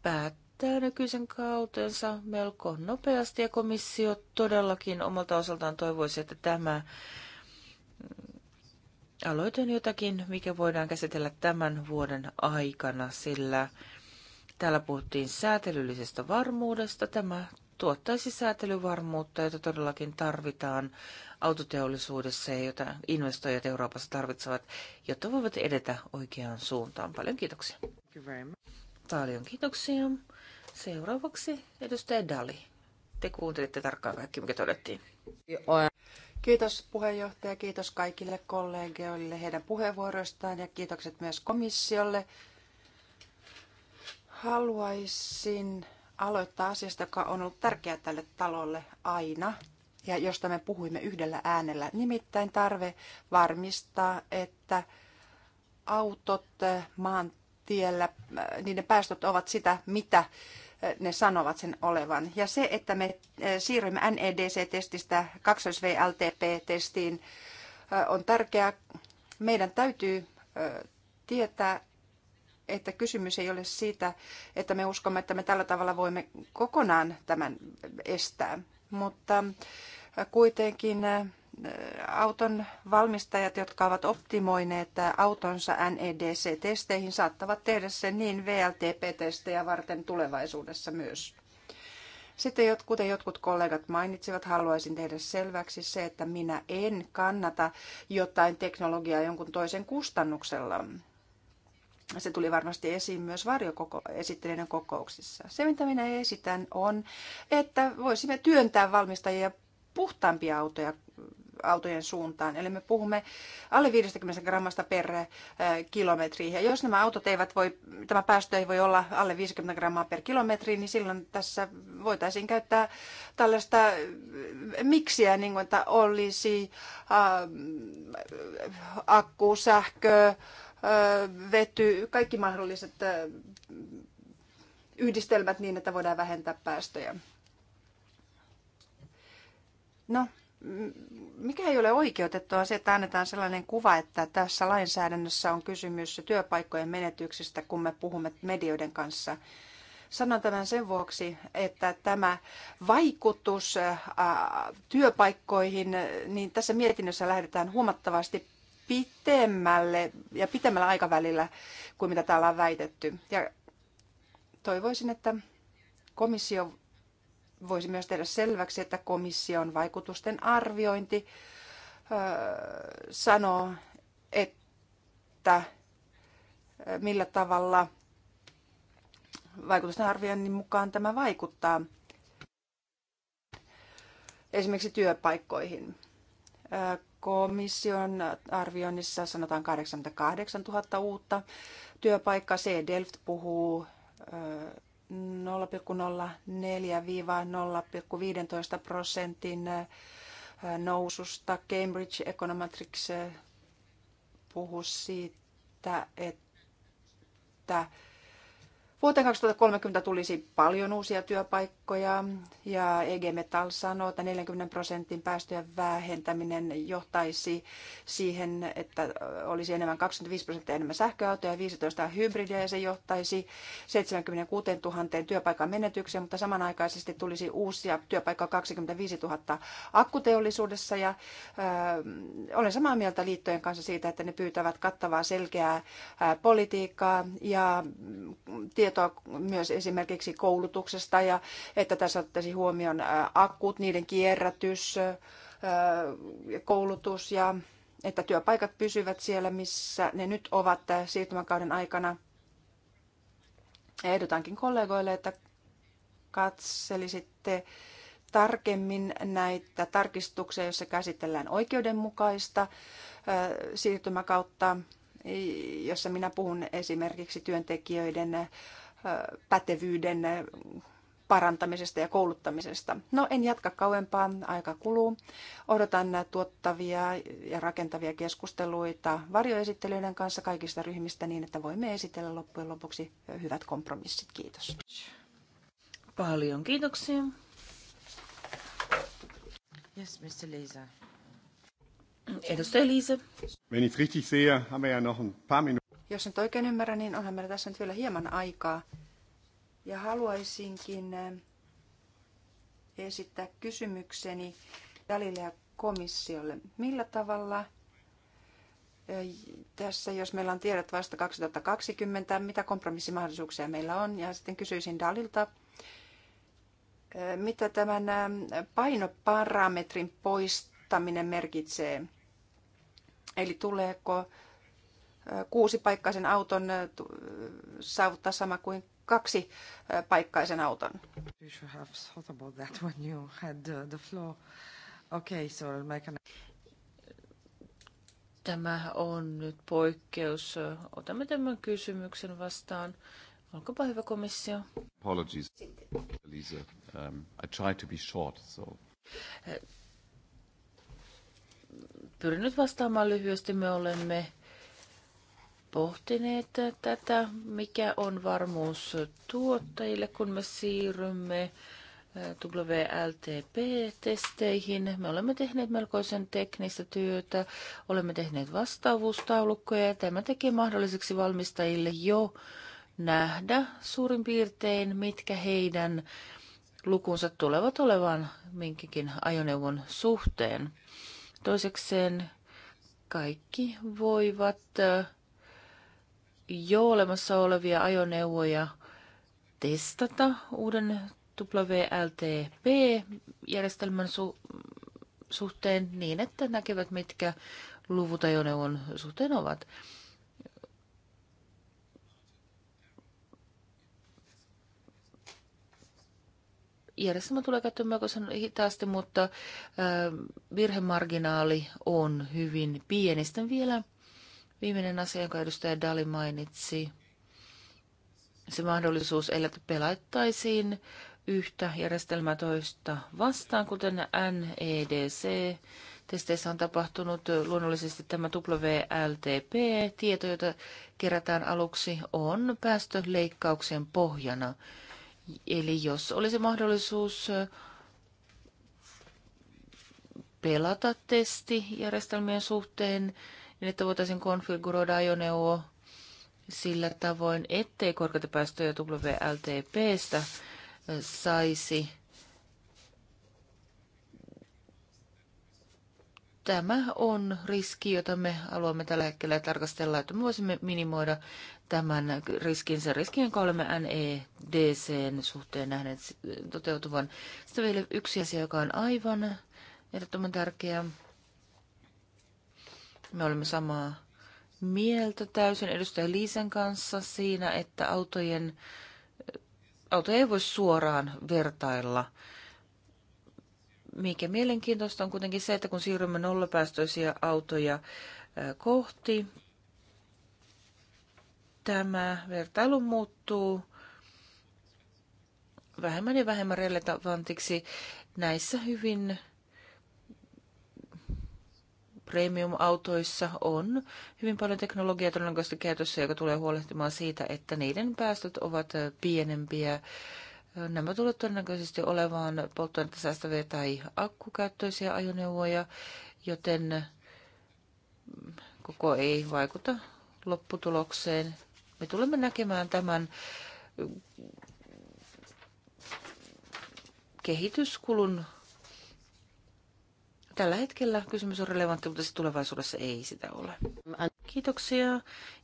päättää nykyisen kautensa melko nopeasti ja komissio todellakin omalta osaltaan toivoisi, että tämä aloitan jotakin, mikä voidaan käsitellä tämän vuoden aikana, sillä täällä puhuttiin säätelyllisestä varmuudesta. Tämä tuottaisi säätelyvarmuutta, jota todellakin tarvitaan autoteollisuudessa ja jota investoijat Euroopassa tarvitsevat, jotta voivat edetä oikeaan suuntaan. Paljon kiitoksia. Paljon kiitoksia. Seuraavaksi edustaja Dali. Te kuuntelitte tarkkaan kaikki, mikä todettiin. Kiitos puheenjohtaja, kiitos kaikille kollegoille heidän puheenvuoroistaan ja kiitokset myös komissiolle. Haluaisin aloittaa asiasta, joka on ollut tärkeä tälle talolle aina ja josta me puhuimme yhdellä äänellä. Nimittäin tarve varmistaa, että autot maantiellä, niiden päästöt ovat sitä, mitä ne sanovat sen olevan. Ja se, että me siirrymme NEDC-testistä 2VLTP-testiin, on tärkeää. Meidän täytyy tietää, että kysymys ei ole siitä, että me uskomme, että me tällä tavalla voimme kokonaan tämän estää. Mutta kuitenkin auton valmistajat, jotka ovat optimoineet autonsa NEDC-testeihin, saattavat tehdä sen niin VLTP-testejä varten tulevaisuudessa myös. Sitten, kuten jotkut kollegat mainitsivat, haluaisin tehdä selväksi se, että minä en kannata jotain teknologiaa jonkun toisen kustannuksella. Se tuli varmasti esiin myös varjoesittelijöiden kokouksissa. Se, mitä minä esitän, on, että voisimme työntää valmistajia puhtaampia autoja autojen suuntaan. Eli me puhumme alle 50 grammasta per eh, kilometri. Ja jos nämä autot eivät voi, tämä päästö ei voi olla alle 50 grammaa per kilometri, niin silloin tässä voitaisiin käyttää tällaista eh, miksiä, niin kuin että olisi äh, akku, sähkö, äh, vety, kaikki mahdolliset äh, yhdistelmät niin, että voidaan vähentää päästöjä. No, mikä ei ole oikeutettua se, että annetaan sellainen kuva, että tässä lainsäädännössä on kysymys työpaikkojen menetyksistä, kun me puhumme medioiden kanssa. Sanon tämän sen vuoksi, että tämä vaikutus äh, työpaikkoihin, niin tässä mietinnössä lähdetään huomattavasti pitemmälle ja pitemmällä aikavälillä kuin mitä täällä on väitetty. Ja toivoisin, että komissio voisi myös tehdä selväksi, että komission vaikutusten arviointi sanoo, että millä tavalla vaikutusten arvioinnin mukaan tämä vaikuttaa esimerkiksi työpaikkoihin. Komission arvioinnissa sanotaan 88 000 uutta työpaikkaa. C. Delft puhuu 0,04-0,15 prosentin noususta. Cambridge Econometrics puhuu siitä, että Vuoteen 2030 tulisi paljon uusia työpaikkoja ja EG Metall sanoo, että 40 prosentin päästöjen vähentäminen johtaisi siihen, että olisi enemmän 25 prosenttia enemmän sähköautoja ja 15 hybridiä ja se johtaisi 76 000 työpaikan menetykseen, mutta samanaikaisesti tulisi uusia työpaikkoja 25 000 akkuteollisuudessa ja äh, olen samaa mieltä liittojen kanssa siitä, että ne pyytävät kattavaa selkeää äh, politiikkaa ja äh, tietoa myös esimerkiksi koulutuksesta ja että tässä ottaisi huomioon akut, niiden kierrätys, koulutus ja että työpaikat pysyvät siellä, missä ne nyt ovat siirtymäkauden aikana. ehdotankin kollegoille, että katselisitte tarkemmin näitä tarkistuksia, joissa käsitellään oikeudenmukaista siirtymäkautta, jossa minä puhun esimerkiksi työntekijöiden pätevyyden parantamisesta ja kouluttamisesta. No en jatka kauempaa, aika kuluu. Odotan tuottavia ja rakentavia keskusteluita varjoesittelyiden kanssa kaikista ryhmistä niin, että voimme esitellä loppujen lopuksi hyvät kompromissit. Kiitos. Paljon kiitoksia. Yes, Mr. Lisa. Edustaja Liisa. Wenn ich richtig sehe, haben wir ja noch ein paar Minuten. Jos nyt oikein ymmärrän, niin onhan meillä tässä nyt vielä hieman aikaa. Ja haluaisinkin eh, esittää kysymykseni Dalille ja komissiolle. Millä tavalla eh, tässä, jos meillä on tiedot vasta 2020, mitä kompromissimahdollisuuksia meillä on? Ja sitten kysyisin Dalilta, eh, mitä tämän painoparametrin poistaminen merkitsee? Eli tuleeko kuusipaikkaisen auton äh, saavuttaa sama kuin kaksi paikkaisen auton. Tämä on nyt poikkeus. Otamme tämän kysymyksen vastaan. Olkaapa hyvä komissio. Apologies, Lisa. Um, I try to be short, so... Pyrin nyt vastaamaan lyhyesti. Me olemme pohtineet tätä, mikä on varmuus tuottajille, kun me siirrymme eh, WLTP-testeihin. Me olemme tehneet melkoisen teknistä työtä, olemme tehneet vastaavuustaulukkoja ja tämä tekee mahdolliseksi valmistajille jo nähdä suurin piirtein, mitkä heidän lukunsa tulevat olevan minkäkin ajoneuvon suhteen. Toisekseen kaikki voivat äh, jo olemassa olevia ajoneuvoja testata uuden WLTP-järjestelmän su- suhteen niin, että näkevät, mitkä luvut ajoneuvon suhteen ovat. järjestelmä tulee käyttämään melkoisen hitaasti, mutta virhemarginaali on hyvin pienistä vielä Viimeinen asia, jonka edustaja Dali mainitsi, se mahdollisuus, että pelaittaisiin yhtä järjestelmää toista vastaan, kuten NEDC. Testeissä on tapahtunut luonnollisesti tämä WLTP-tieto, jota kerätään aluksi, on päästöleikkauksen pohjana. Eli jos olisi mahdollisuus pelata testi järjestelmien suhteen, niin että voitaisiin konfiguroida ajoneuvo sillä tavoin, ettei korkeita päästöjä WLTPstä saisi. Tämä on riski, jota me haluamme tällä hetkellä tarkastella, että me voisimme minimoida tämän riskin, sen riskin, jonka olemme NEDCn suhteen nähneet toteutuvan. Sitten vielä yksi asia, joka on aivan ehdottoman tärkeä. Me olemme samaa mieltä täysin edustaja Liisen kanssa siinä, että autojen, autoja ei voi suoraan vertailla. Mikä mielenkiintoista on kuitenkin se, että kun siirrymme nollapäästöisiä autoja kohti, tämä vertailu muuttuu vähemmän ja vähemmän relevantiksi näissä hyvin premium-autoissa on hyvin paljon teknologiaa todennäköisesti käytössä, joka tulee huolehtimaan siitä, että niiden päästöt ovat pienempiä. Nämä tulevat todennäköisesti olemaan polttoainetta säästäviä tai akkukäyttöisiä ajoneuvoja, joten koko ei vaikuta lopputulokseen. Me tulemme näkemään tämän kehityskulun tällä hetkellä kysymys on relevantti, mutta se tulevaisuudessa ei sitä ole. Kiitoksia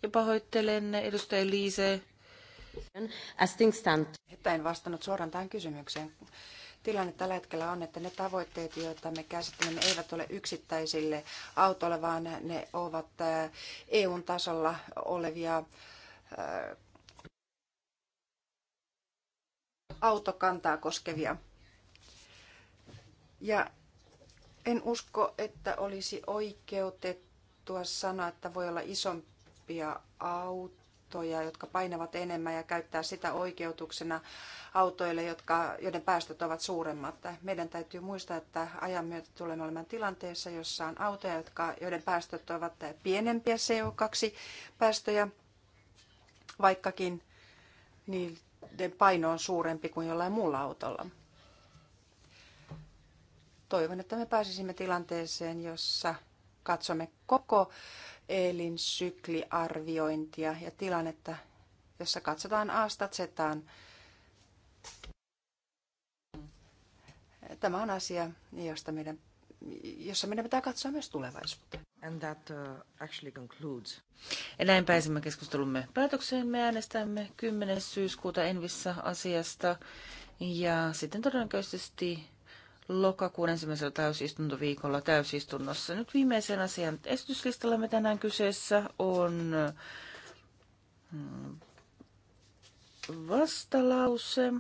ja pahoittelen edustaja Liise. Että en vastannut suoraan tähän kysymykseen. Tilanne tällä hetkellä on, että ne tavoitteet, joita me käsittelemme, eivät ole yksittäisille autoille, vaan ne ovat äh, eu tasolla olevia äh, autokantaa koskevia. Ja en usko, että olisi oikeutettua sanoa, että voi olla isompia autoja, jotka painavat enemmän ja käyttää sitä oikeutuksena autoille, jotka, joiden päästöt ovat suuremmat. Meidän täytyy muistaa, että ajan myötä tulemme olemaan tilanteessa, jossa on autoja, jotka, joiden päästöt ovat pienempiä CO2-päästöjä, vaikkakin niiden paino on suurempi kuin jollain muulla autolla toivon, että me pääsisimme tilanteeseen, jossa katsomme koko elinsykliarviointia ja tilannetta, jossa katsotaan aasta zetaan. Tämä on asia, josta meidän, jossa meidän pitää katsoa myös tulevaisuuteen. And that, uh, actually concludes. Ja näin pääsemme keskustelumme päätökseen. Me äänestämme 10. syyskuuta Envissä asiasta ja sitten todennäköisesti lokakuun ensimmäisellä täysistuntoviikolla täysistunnossa. Nyt viimeisen asian me tänään kyseessä on mm, vastalause.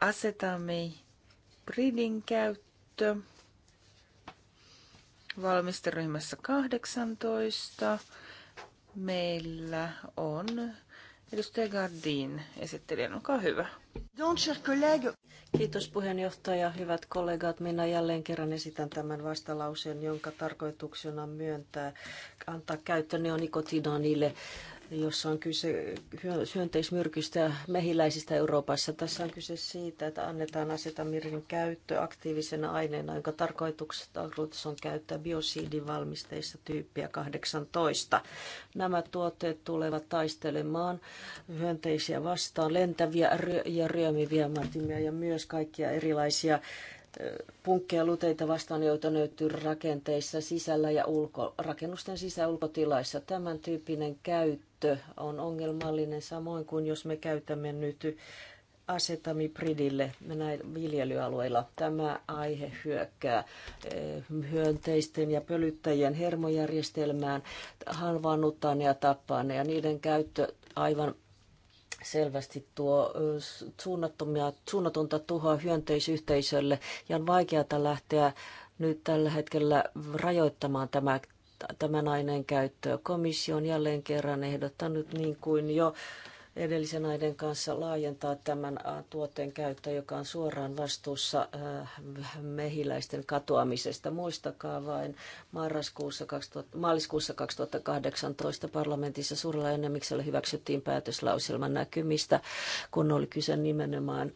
Asetamme Bridin käyttö valmisteryhmässä 18. Meillä on Edustaja Gardin, esittelijän, olkaa hyvä. Kiitos puheenjohtaja, hyvät kollegat. Minä jälleen kerran esitän tämän vastalauseen, jonka tarkoituksena myöntää, antaa käyttöön neonikotinonille jossa on kyse hyönteismyrkystä mehiläisistä Euroopassa. Tässä on kyse siitä, että annetaan asetamirin käyttö aktiivisena aineena, jonka tarkoituksena on käyttää biosiidivalmisteissa tyyppiä 18. Nämä tuotteet tulevat taistelemaan hyönteisiä vastaan, lentäviä ja ryömiviä martimia ja myös kaikkia erilaisia punkkeja luteita vastaan, joita löytyy rakenteissa sisällä ja ulko, rakennusten sisä- ulkotilaissa. Tämän tyyppinen käyttö on ongelmallinen samoin kuin jos me käytämme nyt asetamipridille näin viljelyalueilla. Tämä aihe hyökkää eh, hyönteisten ja pölyttäjien hermojärjestelmään, halvaannuttaa ne ja tappaa ne ja niiden käyttö aivan selvästi tuo suunnattomia, suunnatonta tuhoa hyönteisyhteisölle ja on vaikeata lähteä nyt tällä hetkellä rajoittamaan tämä, tämän aineen käyttöä. Komissio on jälleen kerran ehdottanut, niin kuin jo edellisen näiden kanssa laajentaa tämän tuotteen käyttöä, joka on suoraan vastuussa mehiläisten katoamisesta. Muistakaa vain marraskuussa 2000, maaliskuussa 2018 parlamentissa suurella enemmiksellä hyväksyttiin päätöslauselman näkymistä, kun oli kyse nimenomaan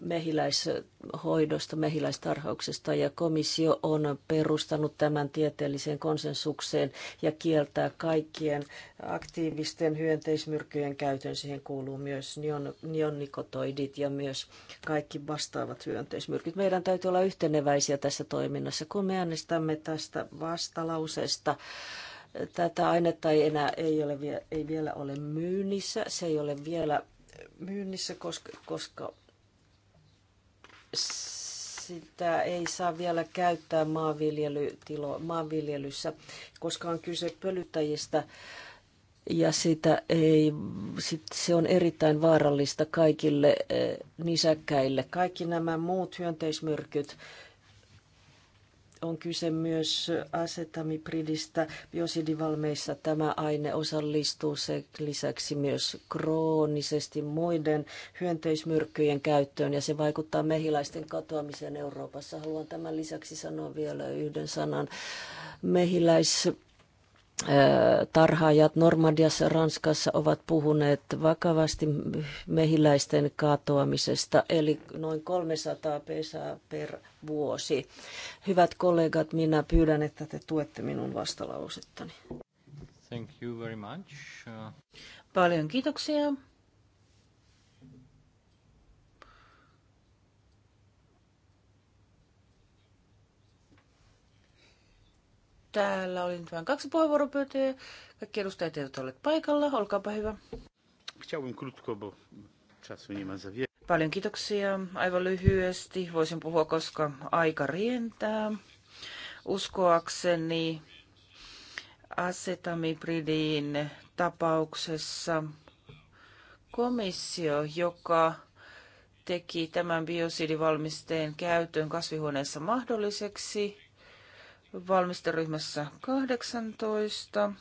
mehiläishoidosta, mehiläistarhauksesta ja komissio on perustanut tämän tieteelliseen konsensukseen ja kieltää kaikkien aktiivisten hyönteismyrkyjen käytön. Siihen kuuluu myös nionikotoidit ja myös kaikki vastaavat hyönteismyrkyt. Meidän täytyy olla yhteneväisiä tässä toiminnassa, kun me äänestämme tästä vastalauseesta tätä ainetta ei enää ei ole, ei vielä ole myynnissä. Se ei ole vielä myynnissä, koska, koska sitä ei saa vielä käyttää maanviljelytilo, maanviljelyssä, koska on kyse pölyttäjistä ja sitä ei, sit se on erittäin vaarallista kaikille eh, nisäkkäille. Kaikki nämä muut hyönteismyrkyt, on kyse myös asetamipridistä. Biosidivalmeissa tämä aine osallistuu se lisäksi myös kroonisesti muiden hyönteismyrkkyjen käyttöön ja se vaikuttaa mehiläisten katoamiseen Euroopassa. Haluan tämän lisäksi sanoa vielä yhden sanan mehiläis tarhaajat Normandiassa Ranskassa ovat puhuneet vakavasti mehiläisten katoamisesta, eli noin 300 pesää per vuosi. Hyvät kollegat, minä pyydän, että te tuette minun vastalausettani. Thank you very much. Paljon kiitoksia. Täällä oli nyt vain kaksi puheenvuoropyyntöä. Kaikki edustajat eivät ole paikalla. Olkaapa hyvä. Paljon kiitoksia. Aivan lyhyesti. Voisin puhua, koska aika rientää. Uskoakseni asetamibridin tapauksessa komissio, joka teki tämän biosidivalmisteen käytön kasvihuoneessa mahdolliseksi, valmisteryhmässä 18.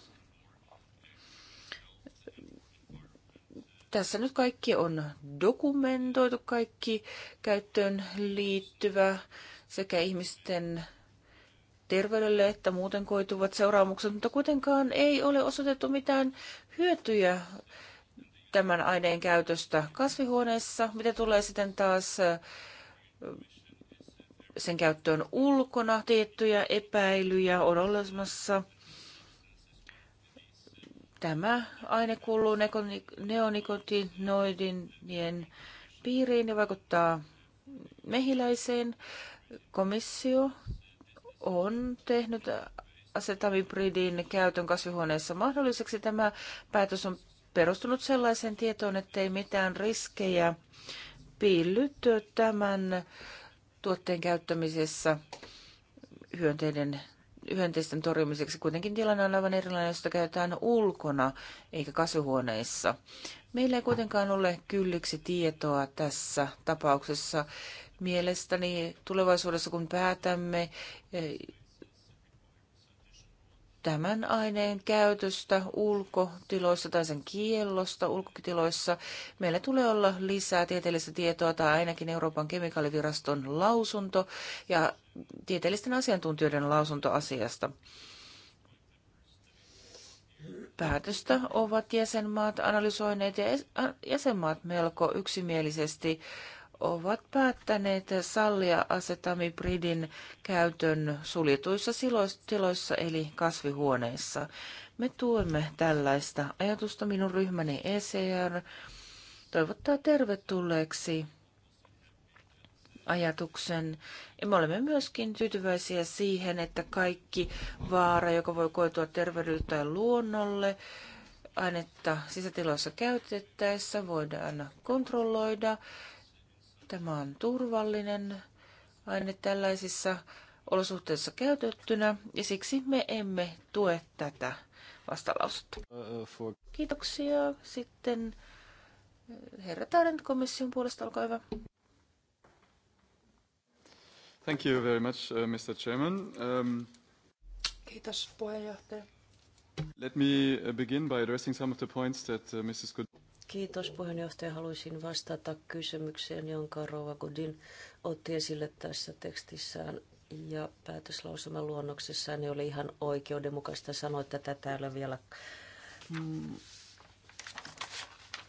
Tässä nyt kaikki on dokumentoitu, kaikki käyttöön liittyvä sekä ihmisten terveydelle että muuten koituvat seuraamukset, mutta kuitenkaan ei ole osoitettu mitään hyötyjä tämän aineen käytöstä kasvihuoneessa, mitä tulee sitten taas sen käyttöön ulkona tiettyjä epäilyjä on olemassa. Tämä aine kuuluu neonikotinoidien piiriin ja vaikuttaa mehiläiseen. Komissio on tehnyt asetamibridin käytön kasvihuoneessa mahdolliseksi. Tämä päätös on perustunut sellaiseen tietoon, ettei mitään riskejä piillyt tämän tuotteen käyttämisessä hyönteiden hyönteisten torjumiseksi. Kuitenkin tilanne on aivan erilainen, josta käytetään ulkona eikä kasvihuoneissa. Meillä ei kuitenkaan ole kylliksi tietoa tässä tapauksessa. Mielestäni tulevaisuudessa, kun päätämme eh, tämän aineen käytöstä ulkotiloissa tai sen kiellosta ulkotiloissa. Meillä tulee olla lisää tieteellistä tietoa tai ainakin Euroopan kemikaaliviraston lausunto ja tieteellisten asiantuntijoiden lausunto asiasta. Päätöstä ovat jäsenmaat analysoineet ja jäsenmaat melko yksimielisesti ovat päättäneet sallia asetamibridin käytön suljetuissa tiloissa eli kasvihuoneissa. Me tuemme tällaista ajatusta. Minun ryhmäni ECR toivottaa tervetulleeksi ajatuksen. Ja me olemme myöskin tyytyväisiä siihen, että kaikki vaara, joka voi koitua terveydelle tai luonnolle, ainetta sisätiloissa käytettäessä voidaan kontrolloida Tämä on turvallinen aine tällaisissa olosuhteissa käytettynä ja siksi me emme tue tätä vastalausetta. Kiitoksia. Sitten eh, herra Tarent komission puolesta, olkaa hyvä. Thank you very much, uh, Mr. Chairman. Um, Kiitos puheenjohtaja. Let me uh, begin by addressing some of the points that uh, Mrs. Good Kiitos puheenjohtaja. Haluaisin vastata kysymykseen, jonka Rova Godin otti esille tässä tekstissään ja päätöslausuman luonnoksessaan niin oli ihan oikeudenmukaista sanoa, että tätä ei ole vielä mm,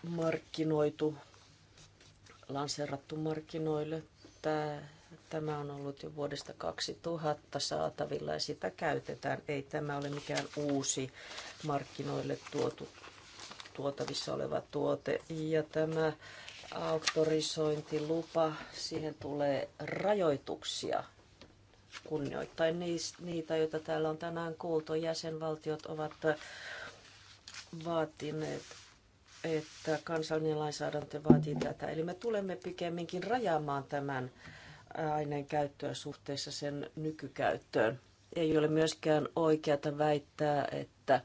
markkinoitu, lanseerattu markkinoille. Tämä on ollut jo vuodesta 2000 saatavilla ja sitä käytetään. Ei tämä ole mikään uusi markkinoille tuotu tuotavissa oleva tuote. Ja tämä auktorisointilupa, siihen tulee rajoituksia kunnioittain niitä, joita täällä on tänään kuultu. Jäsenvaltiot ovat vaatineet, että kansallinen lainsäädäntö vaatii tätä. Eli me tulemme pikemminkin rajaamaan tämän aineen käyttöä suhteessa sen nykykäyttöön. Ei ole myöskään oikeata väittää, että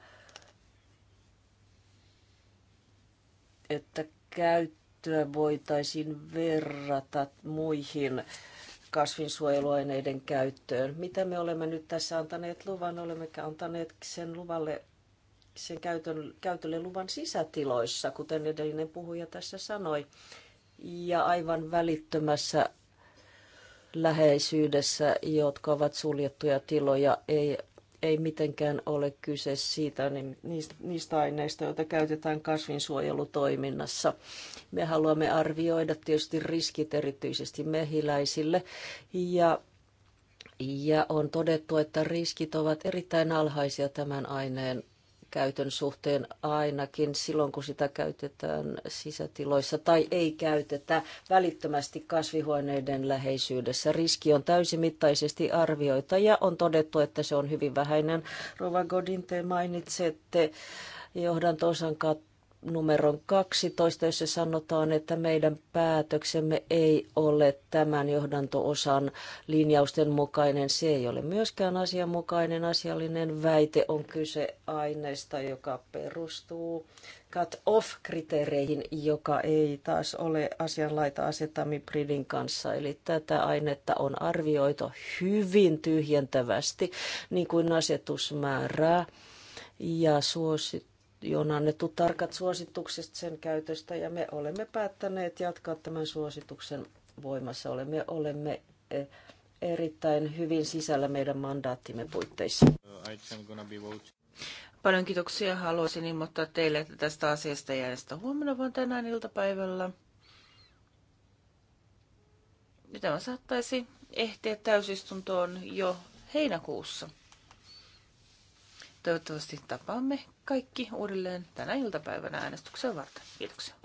että käyttöä voitaisiin verrata muihin kasvinsuojeluaineiden käyttöön. Mitä me olemme nyt tässä antaneet luvan? Olemme antaneet sen luvalle sen käytön, käytölle luvan sisätiloissa, kuten edellinen puhuja tässä sanoi, ja aivan välittömässä läheisyydessä, jotka ovat suljettuja tiloja, ei ei mitenkään ole kyse siitä, niin niistä, niistä aineista, joita käytetään kasvinsuojelutoiminnassa. Me haluamme arvioida tietysti riskit erityisesti mehiläisille ja ja on todettu, että riskit ovat erittäin alhaisia tämän aineen käytön suhteen ainakin silloin, kun sitä käytetään sisätiloissa tai ei käytetä välittömästi kasvihuoneiden läheisyydessä. Riski on täysimittaisesti arvioita ja on todettu, että se on hyvin vähäinen. Rova Godin, te mainitsette johdantosan numeron 12, jossa sanotaan, että meidän päätöksemme ei ole tämän johdantoosan linjausten mukainen. Se ei ole myöskään asianmukainen. Asiallinen väite on kyse aineesta, joka perustuu cut-off-kriteereihin, joka ei taas ole asianlaita asetamibridin kanssa. Eli tätä ainetta on arvioitu hyvin tyhjentävästi, niin kuin asetus määrää ja suosit on annettu tarkat suositukset sen käytöstä ja me olemme päättäneet jatkaa tämän suosituksen voimassa. Olemme, olemme eh, erittäin hyvin sisällä meidän mandaattimme puitteissa. Paljon kiitoksia. Haluaisin ilmoittaa teille, että tästä asiasta järjestä huomenna vaan tänään iltapäivällä. Ja tämä saattaisi ehtiä täysistuntoon jo heinäkuussa. Toivottavasti tapaamme kaikki uudelleen tänä iltapäivänä äänestykseen varten. Kiitoksia.